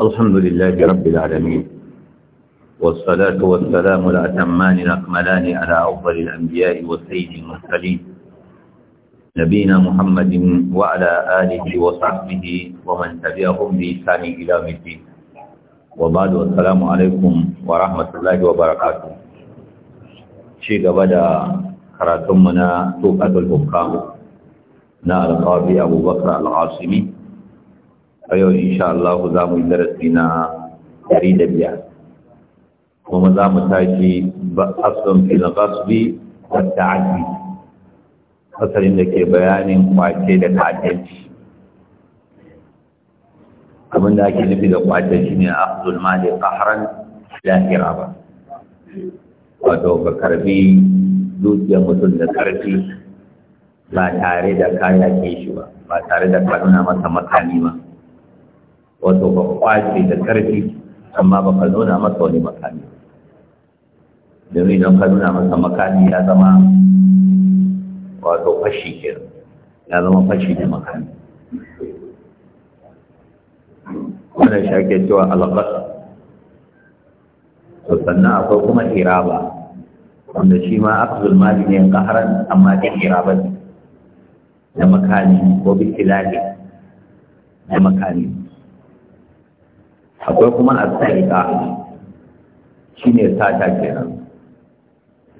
الحمد لله رب العالمين والصلاة والسلام الأتمان الأكملان على أفضل الأنبياء والسيد المرسلين نبينا محمد وعلى آله وصحبه ومن تبعهم بإحسان إلى الدين وبعد والسلام عليكم ورحمة الله وبركاته شيء بدأ كراتمنا توقة الحكام نا القاضي أبو بكر العاصمي a yau insha Allah za mu yi darasi na dari da biyar kuma za mu tashi ba asun fil gasbi asalin da ke bayanin kwace da ta'addanci abin da ake nufi da kwace shine zulma da qahran lahira ba. wato ba karbi dukiyar mutum da karfi ba tare da kayan ke shi ba ba tare da ka masa makami ba wato ba kwace da karfi amma ba ka nuna masa wani makami domin idan ka nuna masa makami ya zama wato fashi ke ya zama fashi da makami wanda shi ake cewa alaƙasa to sannan akwai kuma iraba wanda shi ma akzul mali ne kaharan amma da iraba ne na makami ko bitilali na makami akwai kuma a tsarika shi ne sata kenan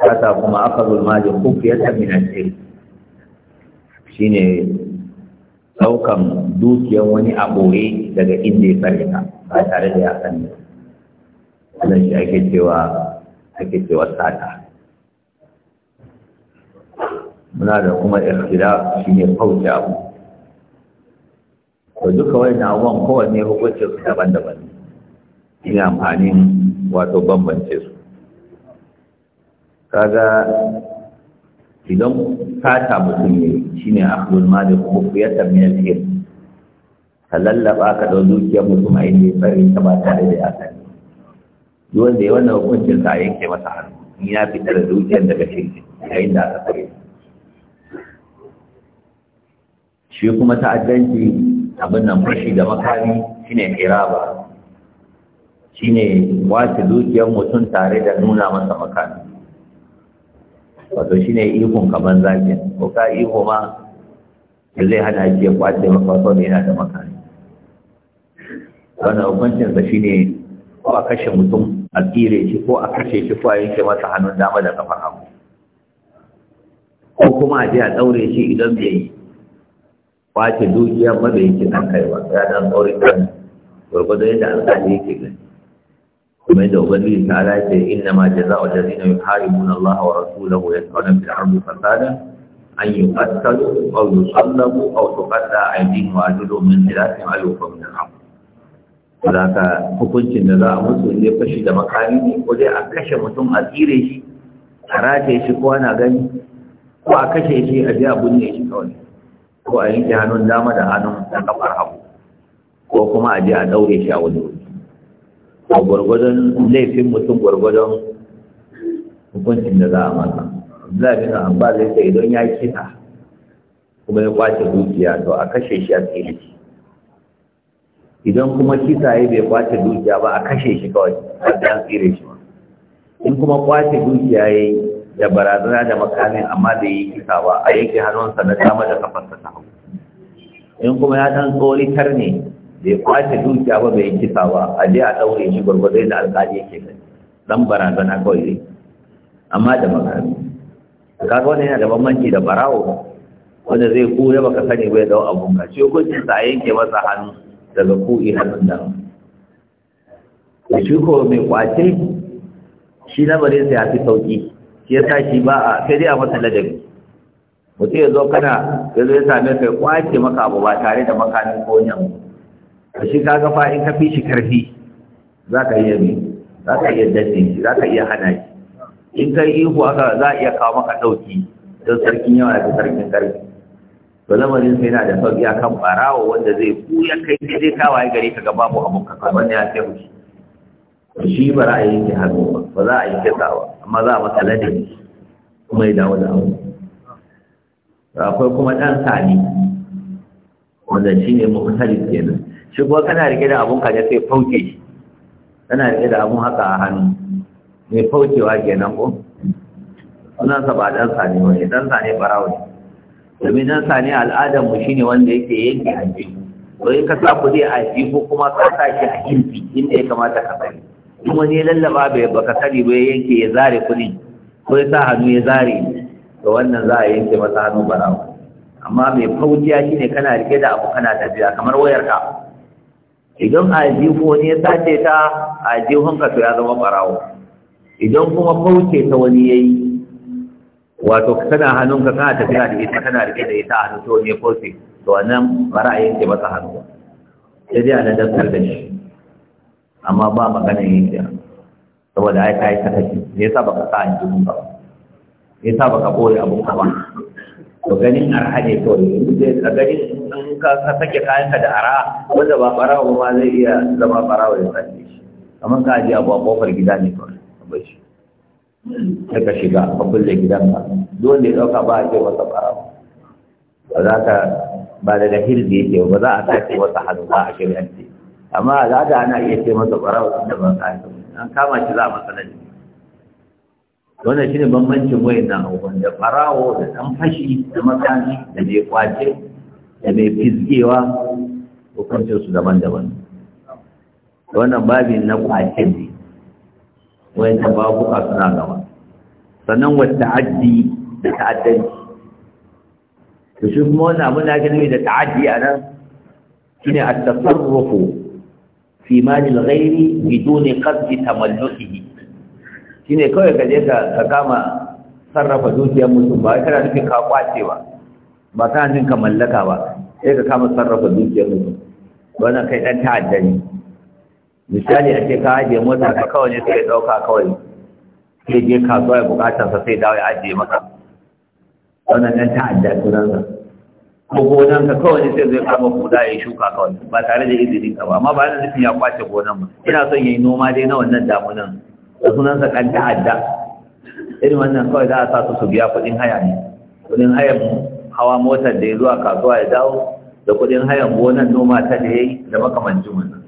sata kuma aka zulma da kufiyata ce shi ne ɗaukan dukiyar wani aboye daga inda ya ka ba tare da ya sani wannan shi ake cewa ake cewa sata muna da kuma ikhtila shi ne kauce abu to duka wani abubuwan kowanne hukuncin daban-daban yi amfanin wato bambance su kaga idan fata mutum ne shi ne akhul mali kufiyatan min al fiye ka lallaba ka da dukiyar mutum a yi ne tsare ta ba tare da asali duk da ya wannan hukuncin sa yanke masa hannu in ya fita da dukiyar daga shi yayin da aka tsare shi kuma ta'addanci abin nan fashi da makami shine ba ne wace dukiyar mutum tare da nuna masa makami wato shine ikon kamar zakin ko ka iko ma da zai hana shi kwace maka da yana da makami wannan hukuncinsa shine ko a kashe mutum a tsire shi ko a kashe shi ko a yanke masa hannun dama da kafar hagu ko kuma a je a daure shi idan bai yi kwace dukiyar mabayacin an kai ba ya dan tsaurin kan gwargwado yadda alƙali yake gani kuma da ubangiji ta ala inna ma jaza'u allazina yuharibuna Allah wa rasulahu yas'aluna fil ardi fasada an yuqattalu aw yusallabu aw tuqatta aydihim wa arjuluhum min khilafin aw yuqamu min al-ardh Zaka hukuncin da za a musu ne fashi da makami ne ko dai a kashe mutum a tsire shi a rataye shi ko ana gani ko a kashe shi a ji a binne shi kawai ko a yanke hannun dama da hannun da kafar hagu ko kuma a je a daure shi a wani wuri a gwargwadon laifin mutum gwargwadon hukuncin da za a masa zabi an ba zai sai don ya kita kuma ya kwace dukiya to a kashe shi a shi. idan kuma kisa ya bai kwace dukiya ba a kashe shi kawai a da tsire shi ba in kuma kwace dukiya ya da barazana da makamin amma da yi kisa ba a yake hannunsa na dama da kafarsa ta hau in kuma ya dan tsoritar ne bai kwace dukiya ba bai kisa ba a je a daure shi gwargwado da alƙali yake kai dan barazana kawai ne amma da makami ga wannan yana da bambanci da barawo wanda zai ya baka sani bai dawo abun ka ce hukuncin sa a yanke masa hannu daga i hannun da shi ko mai kwace shi bare sai ya fi sauki shi yasa shi ba a sai dai a masa ladabi mutum ya zo kana ya zo ya same ka ya kwace maka abu ba tare da makamin ko wani abu a shi ka gafa in ka fi shi karfi za ka iya mi za ka iya dasin shi za ka iya hana shi in kai ihu aka za a iya kawo maka ɗauki don sarkin yawa da sarkin karfi to lamarin sai na da sauki akan barawo wanda zai buya kai sai zai ya gare ka ga babu abun ka kawai wanda ya sai shi ba za a yi ki hannu ba ba za a yi kisa amma za a masa lade kuma ya dawo da abu akwai kuma ɗan sani wanda shi ne mukhtalif kenan shi kuma kana rike da abun kaje sai fauke shi kana rike da abun haka a hannu mai faukewa kenan ko sunansa ba dan sane ba ne dan sane barawo ne domin dan sane al'adar mu shine wanda yake yanke hanji ko in ka sa kuɗi a ko kuma ka sa shi a kirki inda ya kamata ka sani kuma wani ya lallaba bai baka sani ba ya yanke ya zare kudi ko ya sa hannu ya zare to wannan za a yanke masa hannu barawo amma mai ya shine kana rike da abu kana tafiya kamar wayarka idan ajihu ne ya sace ta ajihun ka to ya zama barawo idan kuma kauce ta wani yayi wato kana hannun ka kana tafiya da ita kana rike da ita a to ne kauce to wannan bara ke yanke masa hannu sai dai ana ladabtar da shi amma ba magana yin da saboda ai kai sakaci ne yasa baka sa aljihun ba ne yasa baka koyi abun ka ba to ganin arha ne kawai a ganin in ka sake kayanka da ara wanda ba barawa ba zai iya zama barawa ya sake shi kamar ka ji abu a kofar gida ne to a bai shi daga shiga a kulle gidanka dole ya ɗauka ba a ce masa barawa ba za ka ba da dahil da yake ba za a sake wata hannu ba a shirya amma za ta ana iya ce masa barawa inda ba ka an kama shi za a matsalar ne wannan shine bambancin wayannan abubuwan da farawo da dan fashi da makami da mai kwace da mai fizgewa hukuncin su daban-daban wannan babin na kwace ne wayan a suna gaba sannan wata ta'addi da ta'addanci to shi kuma wannan abin da ake nufi da ta'addi a nan shine a tasarrufu fi mali al-ghairi biduni qasdi tamallukihi Shi ne kawai ka je ka kama sarrafa dukiyar mutum ba kana nufin ka kwace ba ba kana nufin ka mallaka ba sai ka kama sarrafa dukiyar mutum wannan kai dan ta'adda ne misali a ce ka ajiye mota ka kawai ne sai dauka kawai sai je kasuwa ya bukatar sa sai dawo ya ajiye maka wannan dan ta'adda sunansa ko gonan ka kawai sai zai kama kuda ya shuka kawai ba tare da izinin ka ba amma ba yana nufin ya kwace gonan ba ina son yayi noma dai na wannan damunan da sunansa ɗan ta'adda irin wannan kawai za a sa su su biya kuɗin haya ne kuɗin hayan hawa motar da ya zuwa kasuwa ya dawo da kuɗin hayan gonan noma ta da ya yi da makamancin wannan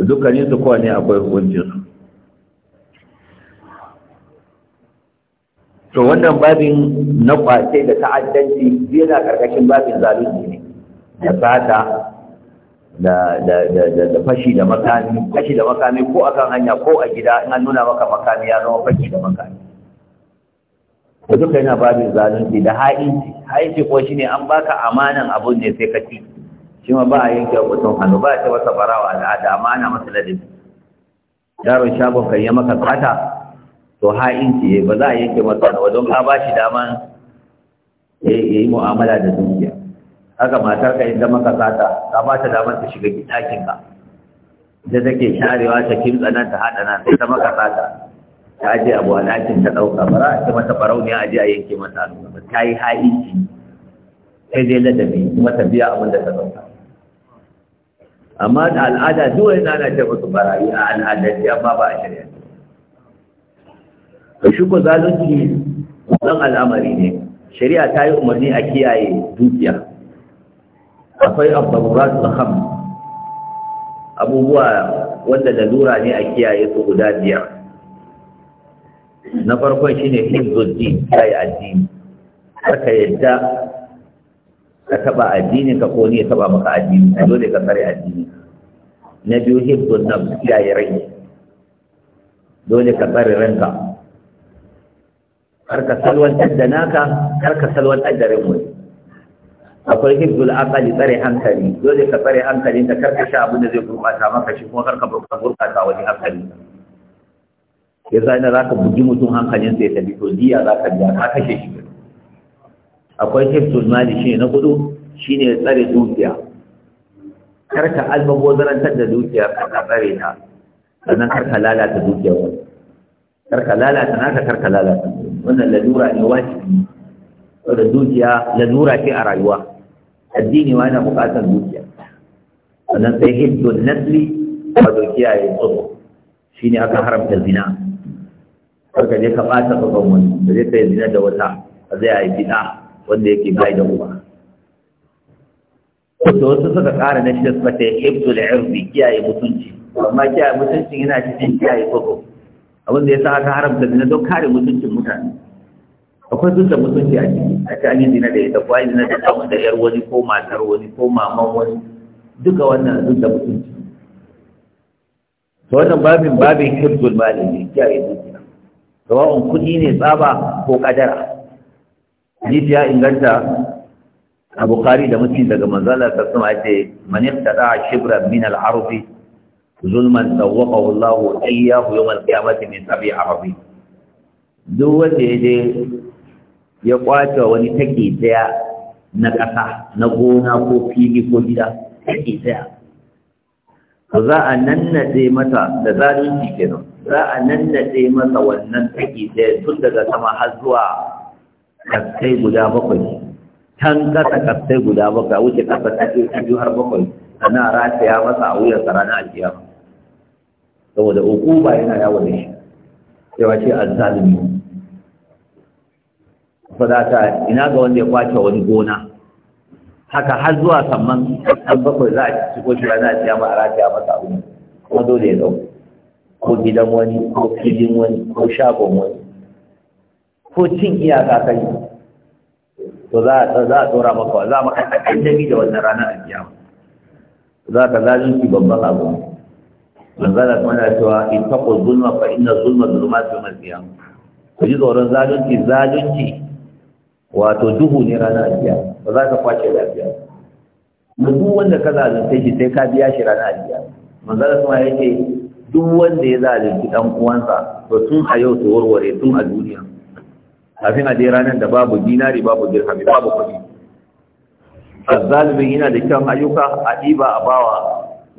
dukkanin su ne akwai hukuncin su to wannan babin na kwace da ta'addanci yana karkashin babin zalunci ne da sata da fashi da makami fashi da makami ko akan hanya ko a gida in an nuna maka makami ya zama fashi da makami da duka yana babin zalunci da ha'inci ha'inci ko shine an baka amanan abun ne sai ka ci shi ma ba a yanke mutum hannu ba ce wasa farawa al'ada amana masu ladabi yaron shagon kan yi maka kata to ha'inci ba za a yanke masa hannu wajen ka ba shi daman ya yi mu'amala da dukiya haka matar ka inda maka sata ka ba ta damar ta shiga ɗakin ka da take sharewa ta kimtsa nan ta hadana, sai ta maka sata ta aje abu a ɗakin ta ɗauka ba za a ce mata farauniya aje a yanke mata hannu ta yi ha'inci sai dai ladabi kuma ta biya abin da ta ɗauka amma da al'ada duk wani ana ce musu barayi a al'adar ya ba ba a shirya Ka shi ko zalunci dan al'amari ne shari'a ta yi umarni a kiyaye dukiya akwai al-kham abubuwa wanda lura ne a kiyaye su guda biyar na farkon shine hizzuddin kai addini ka yadda ka taba addini ka ko ne ya taba maka addini dole ka tsare addini na biyu hibbun nafs kiyaye rai dole ka tsare ranka kar ka salwantar da naka kar ka salwantar da rai akwai hibdul aqali tsare hankali dole ka tsare hankali ka sha abin da zai gurbata maka shi kuma karka gurbata wani hankali ya zai na zaka bugi mutum hankalin sai ta bito diya zaka biya ka kashe shi akwai hibdul mali shi na hudu shine tsare dukiya karka albabozarantar da dukiya ka tsare ta sannan karka lalata dukiya wani karka lalata naka karka lalata wannan lalura ne wajibi da dukiya lalura ce a rayuwa addini ma yana buƙatar dukiya sannan sai hiddun nasli wato kiyaye tsoro shi ne aka haramta zina karka je ka ɓata babban wani da zai kai zina da wata a zai yi ɗa wanda yake bai da uba wato wasu suka ƙara na shida suka sai da irbi kiyaye mutunci amma kiyaye mutuncin yana cikin kiyaye tsoro abin da ya sa aka haramta zina don kare mutuncin mutane akwai duk da mutunci a ciki a ta an yi zina da ita ko an yi zina da ɗan da 'yar wani ko matar wani ko maman wani duka wannan duk da mutunci to wannan babin babin hibzul mali ne ya kiyaye dukiya sawa'un kuɗi ne tsaba ko kadara hadisi ya inganta a bukari da mutum daga manzala ta sama ce man yaqtada shibra min al-ardi zulman sawwaqahu Allahu iyyahu yawm al-qiyamati min sabi arabi duk wanda ya je ya kwace wani take daya na ƙasa na gona ko fili ko gida take daya ko za a nannade mata da zalunci kenan za a nannade mata wannan take daya tun daga sama har zuwa kaskai guda bakwai can kasa kaskai guda bakwai wuce kasa ta biyu har bakwai ana rataya masa a wuyan sa a alkiyama saboda uku ba yana yawon shi yawa ce azzalimi ta ina ga wanda ya kwace wani gona haka har zuwa samman ɗan bakwai za a ci ko shiga za a ciya ma a rataya masa abin kuma dole ya ɗau ko gidan wani ko filin wani ko shagon wani ko cin iyaka kai to za a tsora maka za a maka ƙaddami da wannan ranar alkiyama za ka zalunci babban abu manzala kuma na cewa in taƙo zulma fa inna zulma zulma su mafiya ku ji tsoron zalunci zalunci wato duhu ne ranar biya ba za ka kwace lafiya ba duk wanda ka zalunta shi sai ka biya shi ranar biya manzara kuma ya ce duk wanda ya zalunta dan uwansa to tun a yau su warware tun a duniya kafin a je ranar da babu dinari babu dirhami babu kuɗi azzalimin yana da kyan ayyuka a ɗiba a bawa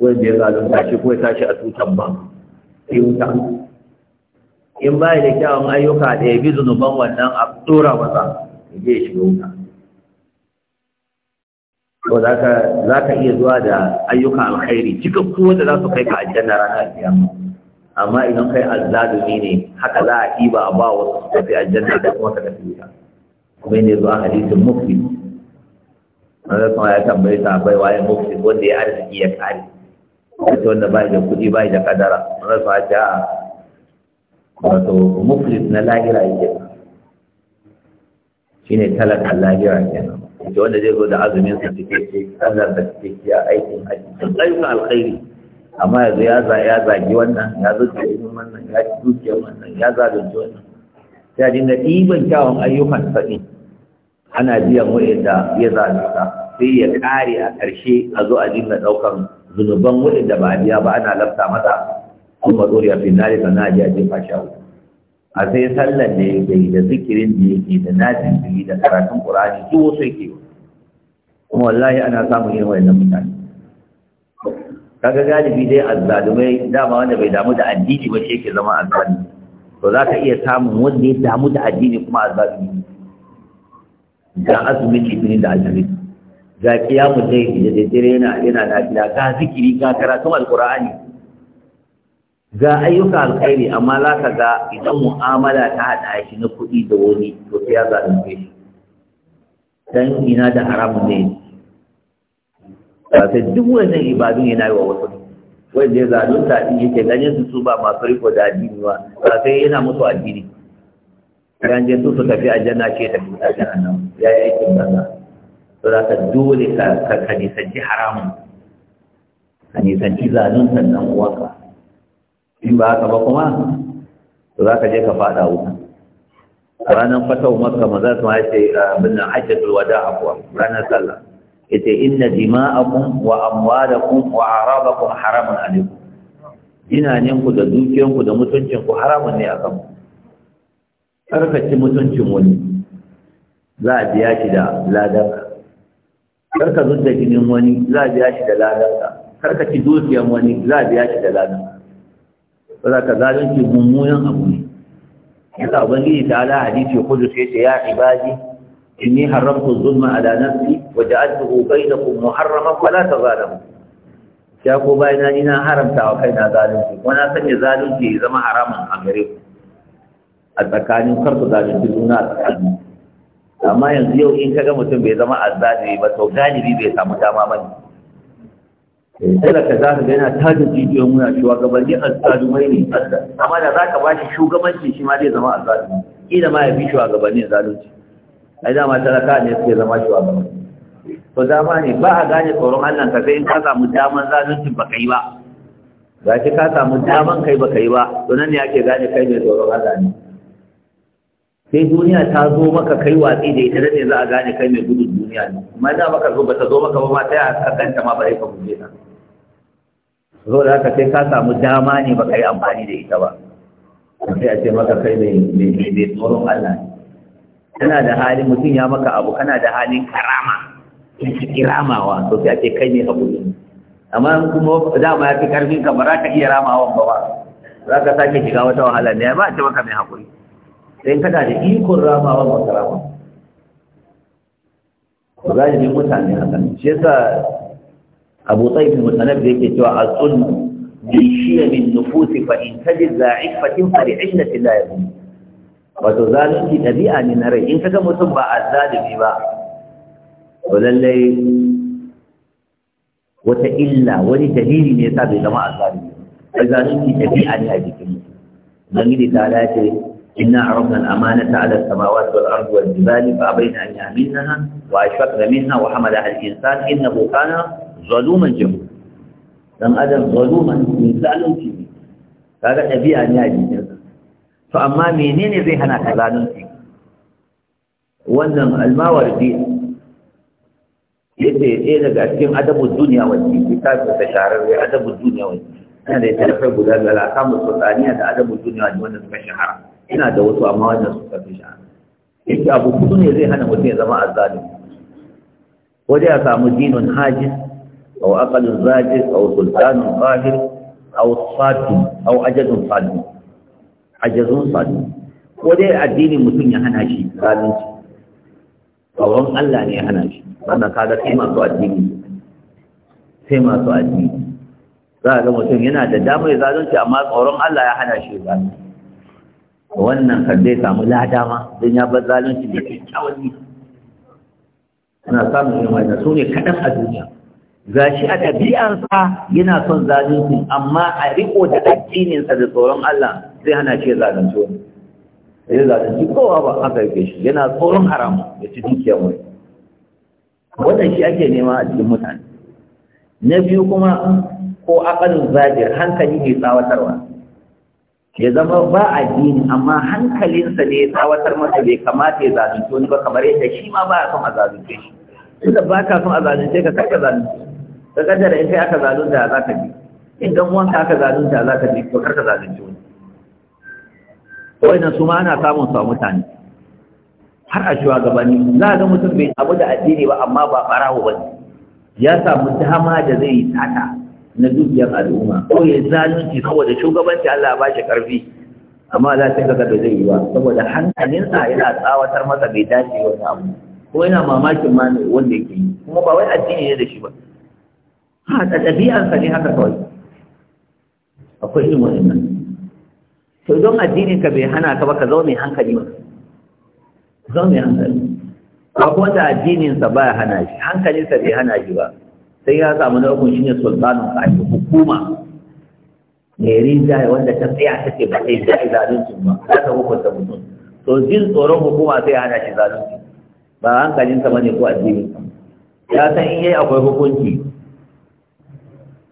wanda ya zalunta shi ko ya tashi a tutan ba in ba da kyawun ayyuka da ya bi zunuban wannan a tsora masa je ya shiga wuta to za ka za ka iya zuwa da ayyukan alkhairi cikakku da za su kai ka aljanna ranar kiyama amma idan kai azzalumi ne haka za a ba a ba wasu su tafi aljanna da kuma ka tafi wuta kuma ne zuwa hadisin muflis wanda kuma ya tambayi sahabbai waye mufti wanda ya arziki ya kare wata wanda ba da kuɗi ba da kadara wanda ce a wato mufti na lahira ke ba ne talaka lahira kenan ita wanda zai zo da azumin sa cikakke sallar da a aikin aikin ayyuka alkhairi amma yanzu ya za ya zagi wannan ya zo da ilimin wannan ya ci dukiyar wannan ya zalunci wannan ya dinga ɗiban kyawun ayyukan sa ana biyan wa'inda ya zalunta sai ya kare a ƙarshe a zo a dinga ɗaukan zunuban wa'inda ba a biya ba ana lafta mata kuma zuriya finali da na ajiya jefa shawo a sai sallar da yake yi da zikirin da yake da da biyu da karatun qur'ani duk wasu yake kuma wallahi ana samun irin wayannan mutane kaga galibi dai azzalumai dama wanda bai damu da addini ba shi yake zama azzalumi to za ka iya samun wanda ya damu da addini kuma azzalumi ga azumin litinin da azumin ga kiyamun dai da daddare yana yana lafiya ga zikiri ga karatun alqur'ani ga ayyuka alkhairi amma za ka ga idan mu'amala ta haɗa shi na kuɗi da wani to sai ya zalunce shi dan ina da haramun ne ba sai duk wannan ibadun yana yi wa wasu wanda ya zalunta din yake ganin su su ba masu riko da addini ba ba sai yana musu addini kan je su su tafi aljanna ce ta fita nan, ya yi aikin banza to za ka dole ka nisanci haramun ka nisanci zalunta dan uwanka in ba haka ba kuma to za ka je ka faɗa wuta ranar fatau maka maza su ma ce ah, abin nan hajjatul a kuwa. ranar sallah yace inna dima'akum wa kun wa kun haramun alaikum jinanen ku da dukiyan ku da mutuncin ku haramun ne akan ku karkaci mutuncin wani za a biya shi da ladarka karka zudda jinin wani za a biya shi da ladarka karkaci dukiyan wani za a biya shi da ladarka ba ka zalunci mummunan abu ne yasa ubangiji ta ala hadisi kudu sai ce ya ibadi inni haramtu zulma ala nafsi wa ja'altuhu bainakum muharraman fala tazalamu ya ko bayana ni na haramta wa kaina zalunci ko na sanya zalunci ya zama haramun a gare ku a tsakanin kar ku zalunci juna a tsakanin amma yanzu yau in kaga mutum bai zama azzalimi ba to galibi bai samu dama bane da eh, ka za ka ga yana tada jijiyoyin muna cewa al'adu mai ne amma da za ka ba shi shugabanci shi ma zai zama azzalumi ila ma ya bi shugabanni zalunci ai dama talaka ne suke zama shugabanni to dama ne ba a gane tsoron Allah ka sai in ka samu daman zalunci ba kai ba ga shi ka samu daman kai ba kai ba to nan ne ake gane kai mai tsoron Allah ne sai duniya ta zo maka kai watsi da ita ne za a gane kai mai gudun duniya ne amma da baka zo ba ta zo maka ba ma ta yi a kakanta ma ba zai ka guje ta zo da haka sai ka samu dama ne baka yi amfani da ita ba sai a ce maka kai mai tsoron Allah kana da hali mutum ya maka abu kana da halin karama kiramawa to sai a ce kai ne hakuri amma kuma dama ya fi karfin ka ba za ka iya ramawan ba ba za ka sake shiga wata wahala ne ba a ce maka mai hakuri sai kana da ikon ramawan ba ka rama ba za mutane hakan shi yasa أبو طيب المتنبي يكي توا الظلم من شيء من فإن تجد ذا عفه عشنة لا يظلم وتظالم في نبيئة من نري إن تكم ثم الظالم إبا وللي وتإلا ولتهيل نيتاب لما الظالم فالظالم في نبيئة من أجل كم نجد تعالات إنا عرضنا الأمانة على السماوات والأرض والجبال فأبين أن يعملنها وأشفقنا منها وحملها الإنسان إنه كان zaluman jahu dan adam zaluman mai zalunci ne kaga dabi'a ne a jikinsa to amma menene zai hana ka zalunci wannan almawardi yace ɗaya daga cikin adabun duniya wacce littafin ta shahararre adabun duniya wanda yana da littafai guda biyar a sultaniya da adabun duniya wanda suka shahara ina da wasu amma wannan suka fi shahara yake abu kudu ne zai hana mutum ya zama azzalimi ko dai samu dinun hajji. أو أقل الزاجر أو سلطان قاهر أو صادم أو عجز صادم عجز صادم ودي الدين متن يهنا شيء قالوا kawon Allah ne hana shi wanda kaga sai masu addini sai masu addini za a ga mutum yana da damar zalunci amma الله Allah ya hana shi wannan kan zai samu ladama don ya bar zalunci da kyakkyawan ne ana samun yin wannan su ne kaɗan a duniya gashi a ɗabi'arsa yana son zalunci amma a riko da addininsa da tsoron Allah zai hana shi zalunci wani zai zalunci kowa ba aka yake shi yana tsoron haram ya ci dukiya mai wannan shi ake nema a cikin mutane na biyu kuma ko akalin zajir hankali ne tsawatarwa ya zama ba addini amma hankalinsa ne tsawatar masa bai kamata ya zalunci wani ba kamar yadda shi ma ba a son a zalunce shi tunda ba ka son a zalunce ka kar ka zalunce ka da in kai aka zalunta za ka ji in dan wanka aka zalunta za ka ji to kar ka zalunci wani wannan su ma ana samun su a mutane har a gabani za ga mutum bai abu da addini ba amma ba farawo ba ya samu dama da zai yi tata na dukiyar al'umma ko ya zalunci saboda shugabanci Allah ba shi karfi amma za ta ga da zai yi ba saboda hankalinsa yana tsawatar masa bai dace wani abu ko yana mamakin ma ne wanda yake yi kuma ba wai addini ne da shi ba haka da ɗabi'ansa ne haka kawai akwai ilmi waɗannan to don addinin ka bai hana ka ba ka zaune hankali ba zaune hankali ba ko wanda addinin sa ya hana shi hankalin sa bai hana shi ba sai ya samu na shi ne sultanin ka hukuma mai rinjaye wanda ta tsaya ta ce ba yi da zalunci ba za ta hukunta mutum to jin tsoron hukuma sai ya hana shi zalunci ba hankalin sa ne ko addinin ya san in yayi akwai hukunci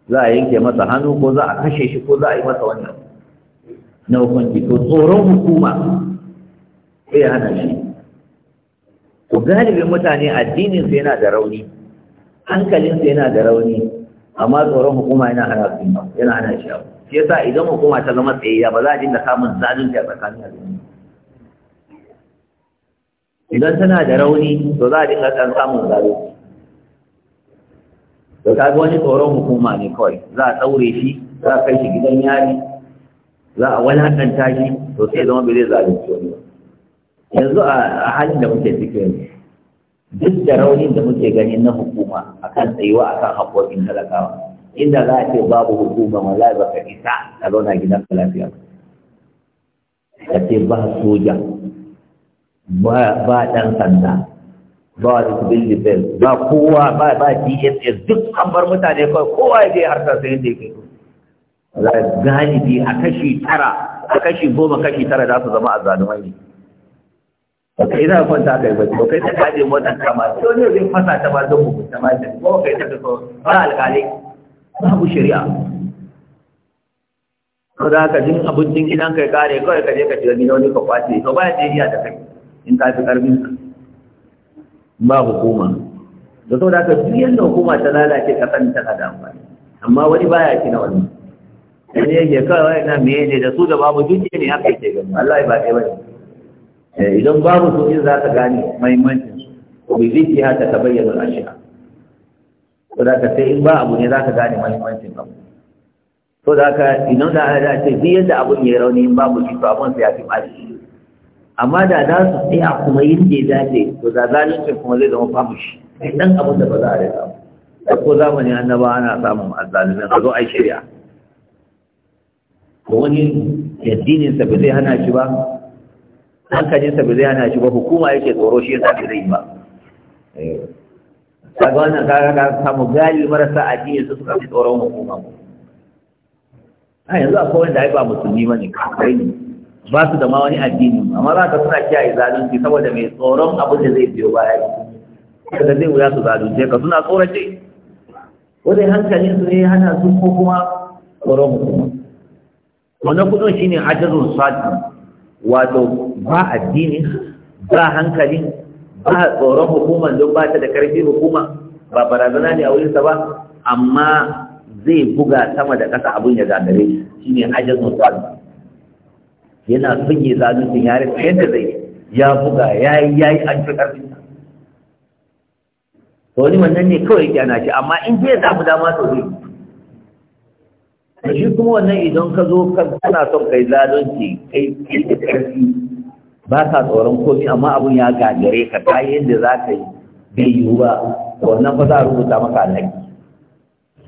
za a yanke masa hannu ko za a kashe shi ko za a yi masa wannan na hukunci to tsoron hukuma sai ya hana shi Ku galibin mutane addinin sai yana da rauni hankalin sai yana da rauni amma tsoron hukuma yana hana su yana hana shi abu shi yasa idan hukuma ta zama tsayayya ba za a dinga samun zalunci a tsakanin al'umma idan tana da rauni to za a dinga samun zalunci da ta ga wani tsoron hukuma ne kawai za a tsaure shi za a kai shi gidan yari za a walakanta shi to sai zama bai zai zalunci wani yanzu a halin da muke ciki yanzu duk da raunin da muke gani na hukuma akan tsayuwa akan haƙoƙin talakawa inda za a ce babu hukuma ma ba ka isa a zauna gidan ka lafiya ka ce ba soja ba ɗan sanda ba disability bell ba kowa ba ba dss duk an bar mutane kawai kowa ya je harsa sai yadda yake za galibi a kashi tara a kashi goma kashi tara za su zama a zalumai ne ba ina kwanta kai ba ba kai ta kaje motar kama to ne zai fasa ta ba don hukunta ma ta ko kai ta ko ba alƙali babu shari'a ko da ka jin abincin gidan kai kare kawai ka je ka shiga gidan wani ka kwace to ba ya je iya da kai in ka fi karfin ba hukuma da da haka duk da hukuma ta lalace kasan ta da amfani amma wani baya ki kina wani sai yake kawai na meye ne da su da babu duke ne haka yake gani Allah ba ɗaya bane eh, idan babu su yin za ka gane muhimmancin ko bi ziki haka ta bayyana al'ashiya to da ka sai in ba abu ne za ka gane muhimmancin abu to da ka idan da a ce duk da abun ya rauni in babu shi to abun sai ya fi shi amma da za su a kuma yin da ya dace to da zalunci kuma zai zama famushi sai dan abin da ba za a rika da ko zamani annaba ana samun azzalimin a zo ai shari'a ko wani addinin sa ba zai hana shi ba hankalin sa ba zai hana shi ba hukuma yake tsoro shi yasa zai zai ba eh, kaga wannan kaga ka samu gali marasa addini su suka fi tsoron hukuma a yanzu akwai wanda ai ba musulmi bane kafirai ne ba su da ma wani addini amma za ka suna kiyaye zalunci saboda mai tsoron abin da zai biyo baya da zai wuya su zalunce ka suna tsorace wani hankalin su ne hana su ko kuma tsoron hukuma wannan kudin shine hajjazul sadi wato ba addini ba hankalin ba tsoron hukuma don ba ta da karfi hukuma ba barazana ne a wurinsa ba amma zai buga sama da ƙasa abin ya gagare shi shine hajjazul sadi yana son ya zalunci ya rufe yadda zai ya buga ya yi ya yi an fi ƙarfin to wani wannan ne kawai kyana shi amma in je ya mu dama to zai da shi kuma wannan idan ka zo kana son kai zalunci kai kai ƙarfi ba ka tsoron komi amma abun ya gagare ka ta yadda za ka yi bai yiwu ba wannan fa za a rubuta maka alhaki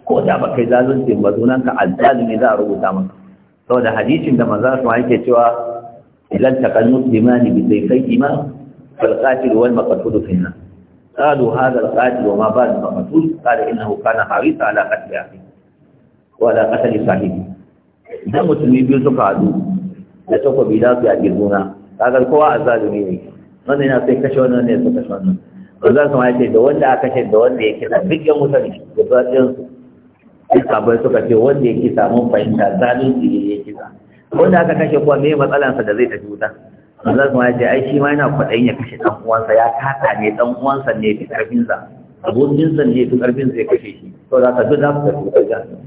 ko da ba kai zalunci ba sunan ka azzalumi za a rubuta maka saboda hadisin da maza sa yake cewa idan taqal muslimani bi sayfihima fal qatil wal maqtul fi nar قالوا هذا القاتل وما بال المقتول قال انه كان حريصا على قتل اخيه وعلى قتل sahibi. dan musulmi biyu suka haɗu da takobi za su yaƙi juna kagar kowa a zalumi ne wannan yana sai kashe wannan ne su kashe wannan ba za su ma ce da wanda aka kashe da wanda ya kisa duk mutane da zaɓin su sai sabai suka ce wanda ya kisa mun fahimta zalunci ne ya wanda aka kashe kuwa me matsalansa da zai tafi wuta Allah kuma ya ce ai shi ma yana kwaɗayin ya kashe ɗan uwansa ya kata ne ɗan uwansa ne fi abokin sa ne fi sa ya kashe shi to za ka duk za ku tafi wuta jahannama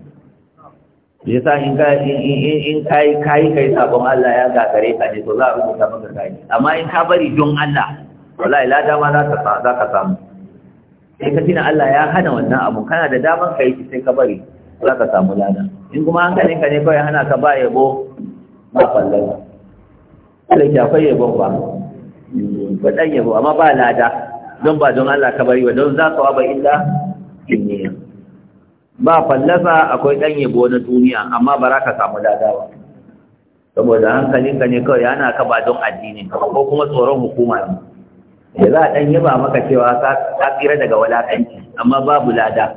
ya sa in ka yi kayi kai sabon Allah ya gagare ka ne to za a rubuta maka kai amma in ka bari don Allah wallahi la dama za ka za ka samu sai ka tina Allah ya hana wannan abu kana da daman kai sai ka bari za ka samu lada in kuma hankalin ka ne kawai hana ka ba yabo ba fallon da ke akwai yabon ba ba ɗan yabo amma ba lada don ba don Allah ka bari ba don za ka ba illa kimiyya ba fallasa akwai ɗan yabo na duniya amma ba ka samu lada ba saboda hankalinka ne kawai yana ka ba don addini ko kuma tsoron hukuma ne da za a ɗan yaba maka cewa ka tsira daga wulaƙanci amma babu lada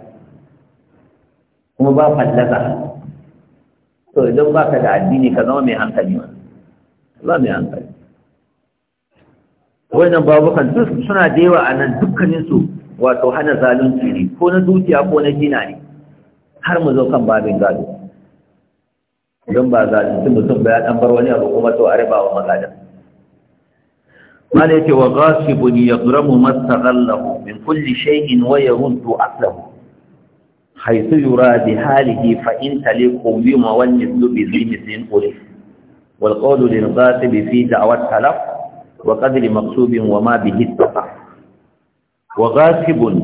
kuma ba fallasa to idan baka da addini ka zama mai hankali ma zama mai hankali wannan babukan duk suna da yawa a nan dukkaninsu wato hana zalunci ne ko na dukiya ko na gina ne har mu zo kan babin gado don ba zalunci mutum ba ya dan bar wani abu kuma to a riba wa magadan malai wa ghasibun yadramu mastaghallahu min kulli shay'in wa yahuddu aslahu haisu yura bi halihi fa in taliqu bi mawallid bi zihnin ulif wal qawlu lil ghatib fi da'wat talaf wa qadri maqsubin wa ma bihi tafa wa ghatibun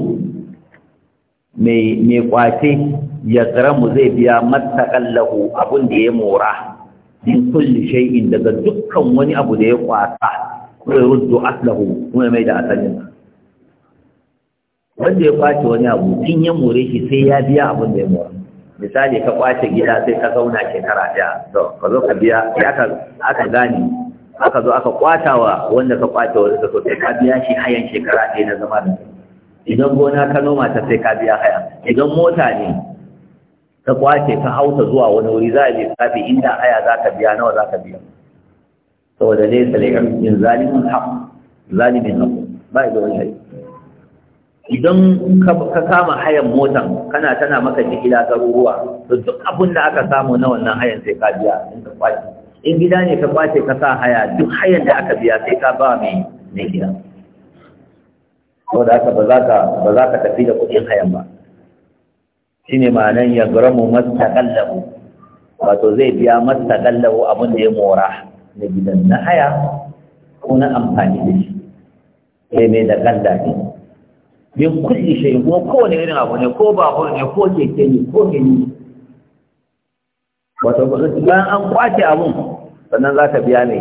mai mai kwace ya karamu zai biya mattaqallahu abun da ya mora min kulli shay'in daga dukkan wani abu da ya kwata ko ya ruddu aslahu kuma mai da asalin wanda ya kwace wani abu in ya more shi sai ya biya abin da ya mora misali ka kwace gida sai ka zauna shekara ɗaya to ka zo ka biya sai aka aka gane aka zo aka kwatawa wanda ka kwace wani ka so sai ka biya shi hayan shekara ɗaya na zama da idan gona ka noma ta sai ka biya haya idan mota ne ka kwace ka hauta zuwa wani wuri za a lissafi inda haya za ka biya nawa za ka biya saboda ne ka yin zalimin haƙu zalimin haƙu ba ya da wani haƙu idan ka kama hayan motan kana tana maka jigila garuruwa to duk abin da aka samu na wannan hayan sai ka biya in ka kwace in gida ne ka kwace ka sa haya duk hayan da aka biya sai ka ba mai mai gida saboda haka ba za ka ba za ka tafi da kuɗin hayan ba shine ma'anan ya garamu mastaqallahu wato zai biya mastaqallahu abin da ya mora na gidan na haya ko na amfani da shi sai mai da kanda min kulli shay ko kowane irin abu ne ko ko ne ko keke ne ko gani wato bayan an kwace abu sannan za ta biya ne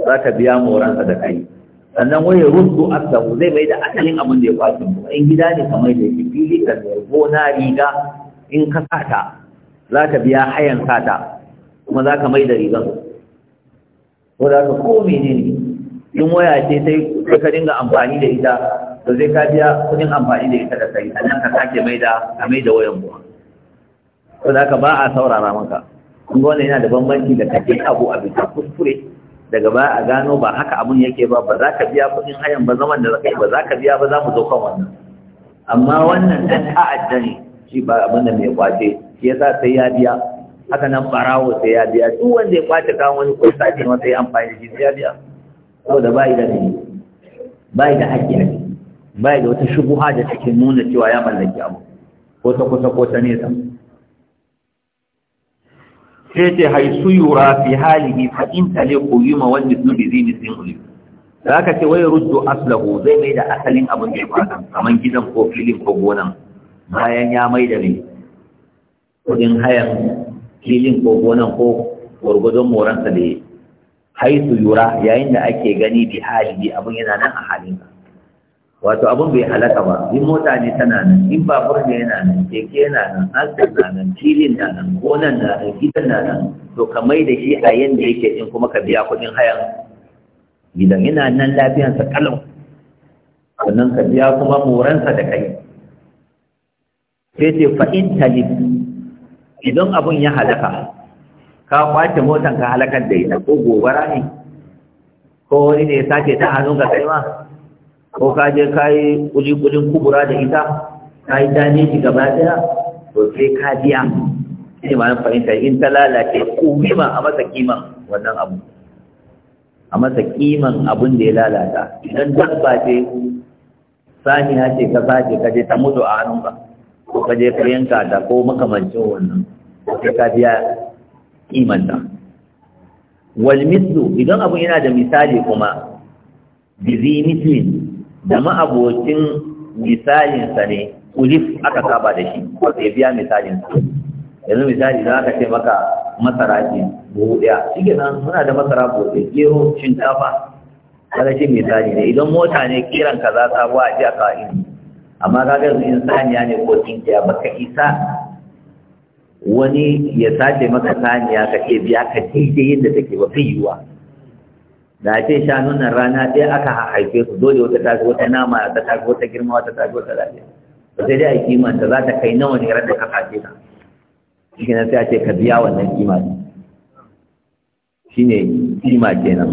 za ta biya moran da kai sannan wai ya rubu asabu zai mai da asalin abin da ya kwace in gida ne kamar da ke fili da gona riga in ka sata za ta biya hayan sata kuma za ka mai da rigan ko da ka ko menene in waya ce sai ka dinga amfani da ita to zai ka biya kudin amfani da ita da a nan ka sake mai da ka mai da wayan buwa to da ka ba a saurara maka kun ga wannan yana da bambanci da kake abu a bisa kuskure daga baya a gano ba haka abun yake ba ba za ka biya kudin hayan ba zaman da zakai ba za ka biya ba za mu zo kan wannan amma wannan dan ta'adda ne shi ba abin da mai kwace shi yasa sai ya biya haka nan barawo sai ya biya duk wanda ya kwace kan wani ko sace sai ya amfani da shi sai ya biya saboda ba da ne ba da haƙƙi ne bai da wata shubuha da take nuna cewa ya mallaki abu ko ta kusa ko ta nesa sai ce haisu yura fi halihi fa in tale ma wanda su bi zini sin uli da ce wai ruddu aslahu zai mai da asalin abin da ya kamar gidan ko filin ko gonan bayan ya mai da mai kudin hayan filin ko gonan ko gwargwadon moransa da ya haisu yura yayin da ake gani bi halihi abin yana nan a halinka wato abin bai halaka ba in mota ne tana nan in babur ne yana nan keke yana nan hasken na nan filin na nan gonan na nan gidan na nan to ka mai da shi a yanda yake in kuma ka biya kuɗin hayan gidan yana nan lafiyansa kalau sannan ka biya kuma moransa da kai sai ce fa'in talib idan abin ya halaka ka kwace motan ka halakar da ita ko gobara ne ko wani ne ya sace ta hannun ka kai ma ko ka je ka yi kudin kubura da ita ka yi shi gaba daya to sai ka biya shi ma ma'anar fahimta in ta lalace kuma a masa kima wannan abu a masa kiman abun da ya lalata idan dabba ce saniya ce ka sace ka je ta mutu a hannun ba ko ka je ka yanka ta ko makamancin wannan Ko sai ka biya kimanta wal mislu idan abun yana da misali kuma bizi mislin da ma'abokin misalinsa ne ulif aka saba da shi wata ya biya misalinsa yanzu misali za ka ce maka masara ce buhu ɗaya shi nan suna da masara buhu ɗaya gero shinkafa kada shi misali ne idan mota ne kiran ka za ta a ji a kawai amma ga yanzu saniya ne ko ba baka isa wani ya sace maka saniya ka ce biya ka daidai yadda take ba fi yiwuwa da ake shanun nan rana ɗaya aka haife su dole wata tafi wata nama ta tafi wata girma wata tafi wata lafiya ba sai dai a ta za ta kai nawa ne ran da ka haife ta shi ne sai a ce ka biya wannan kima shi ne kima kenan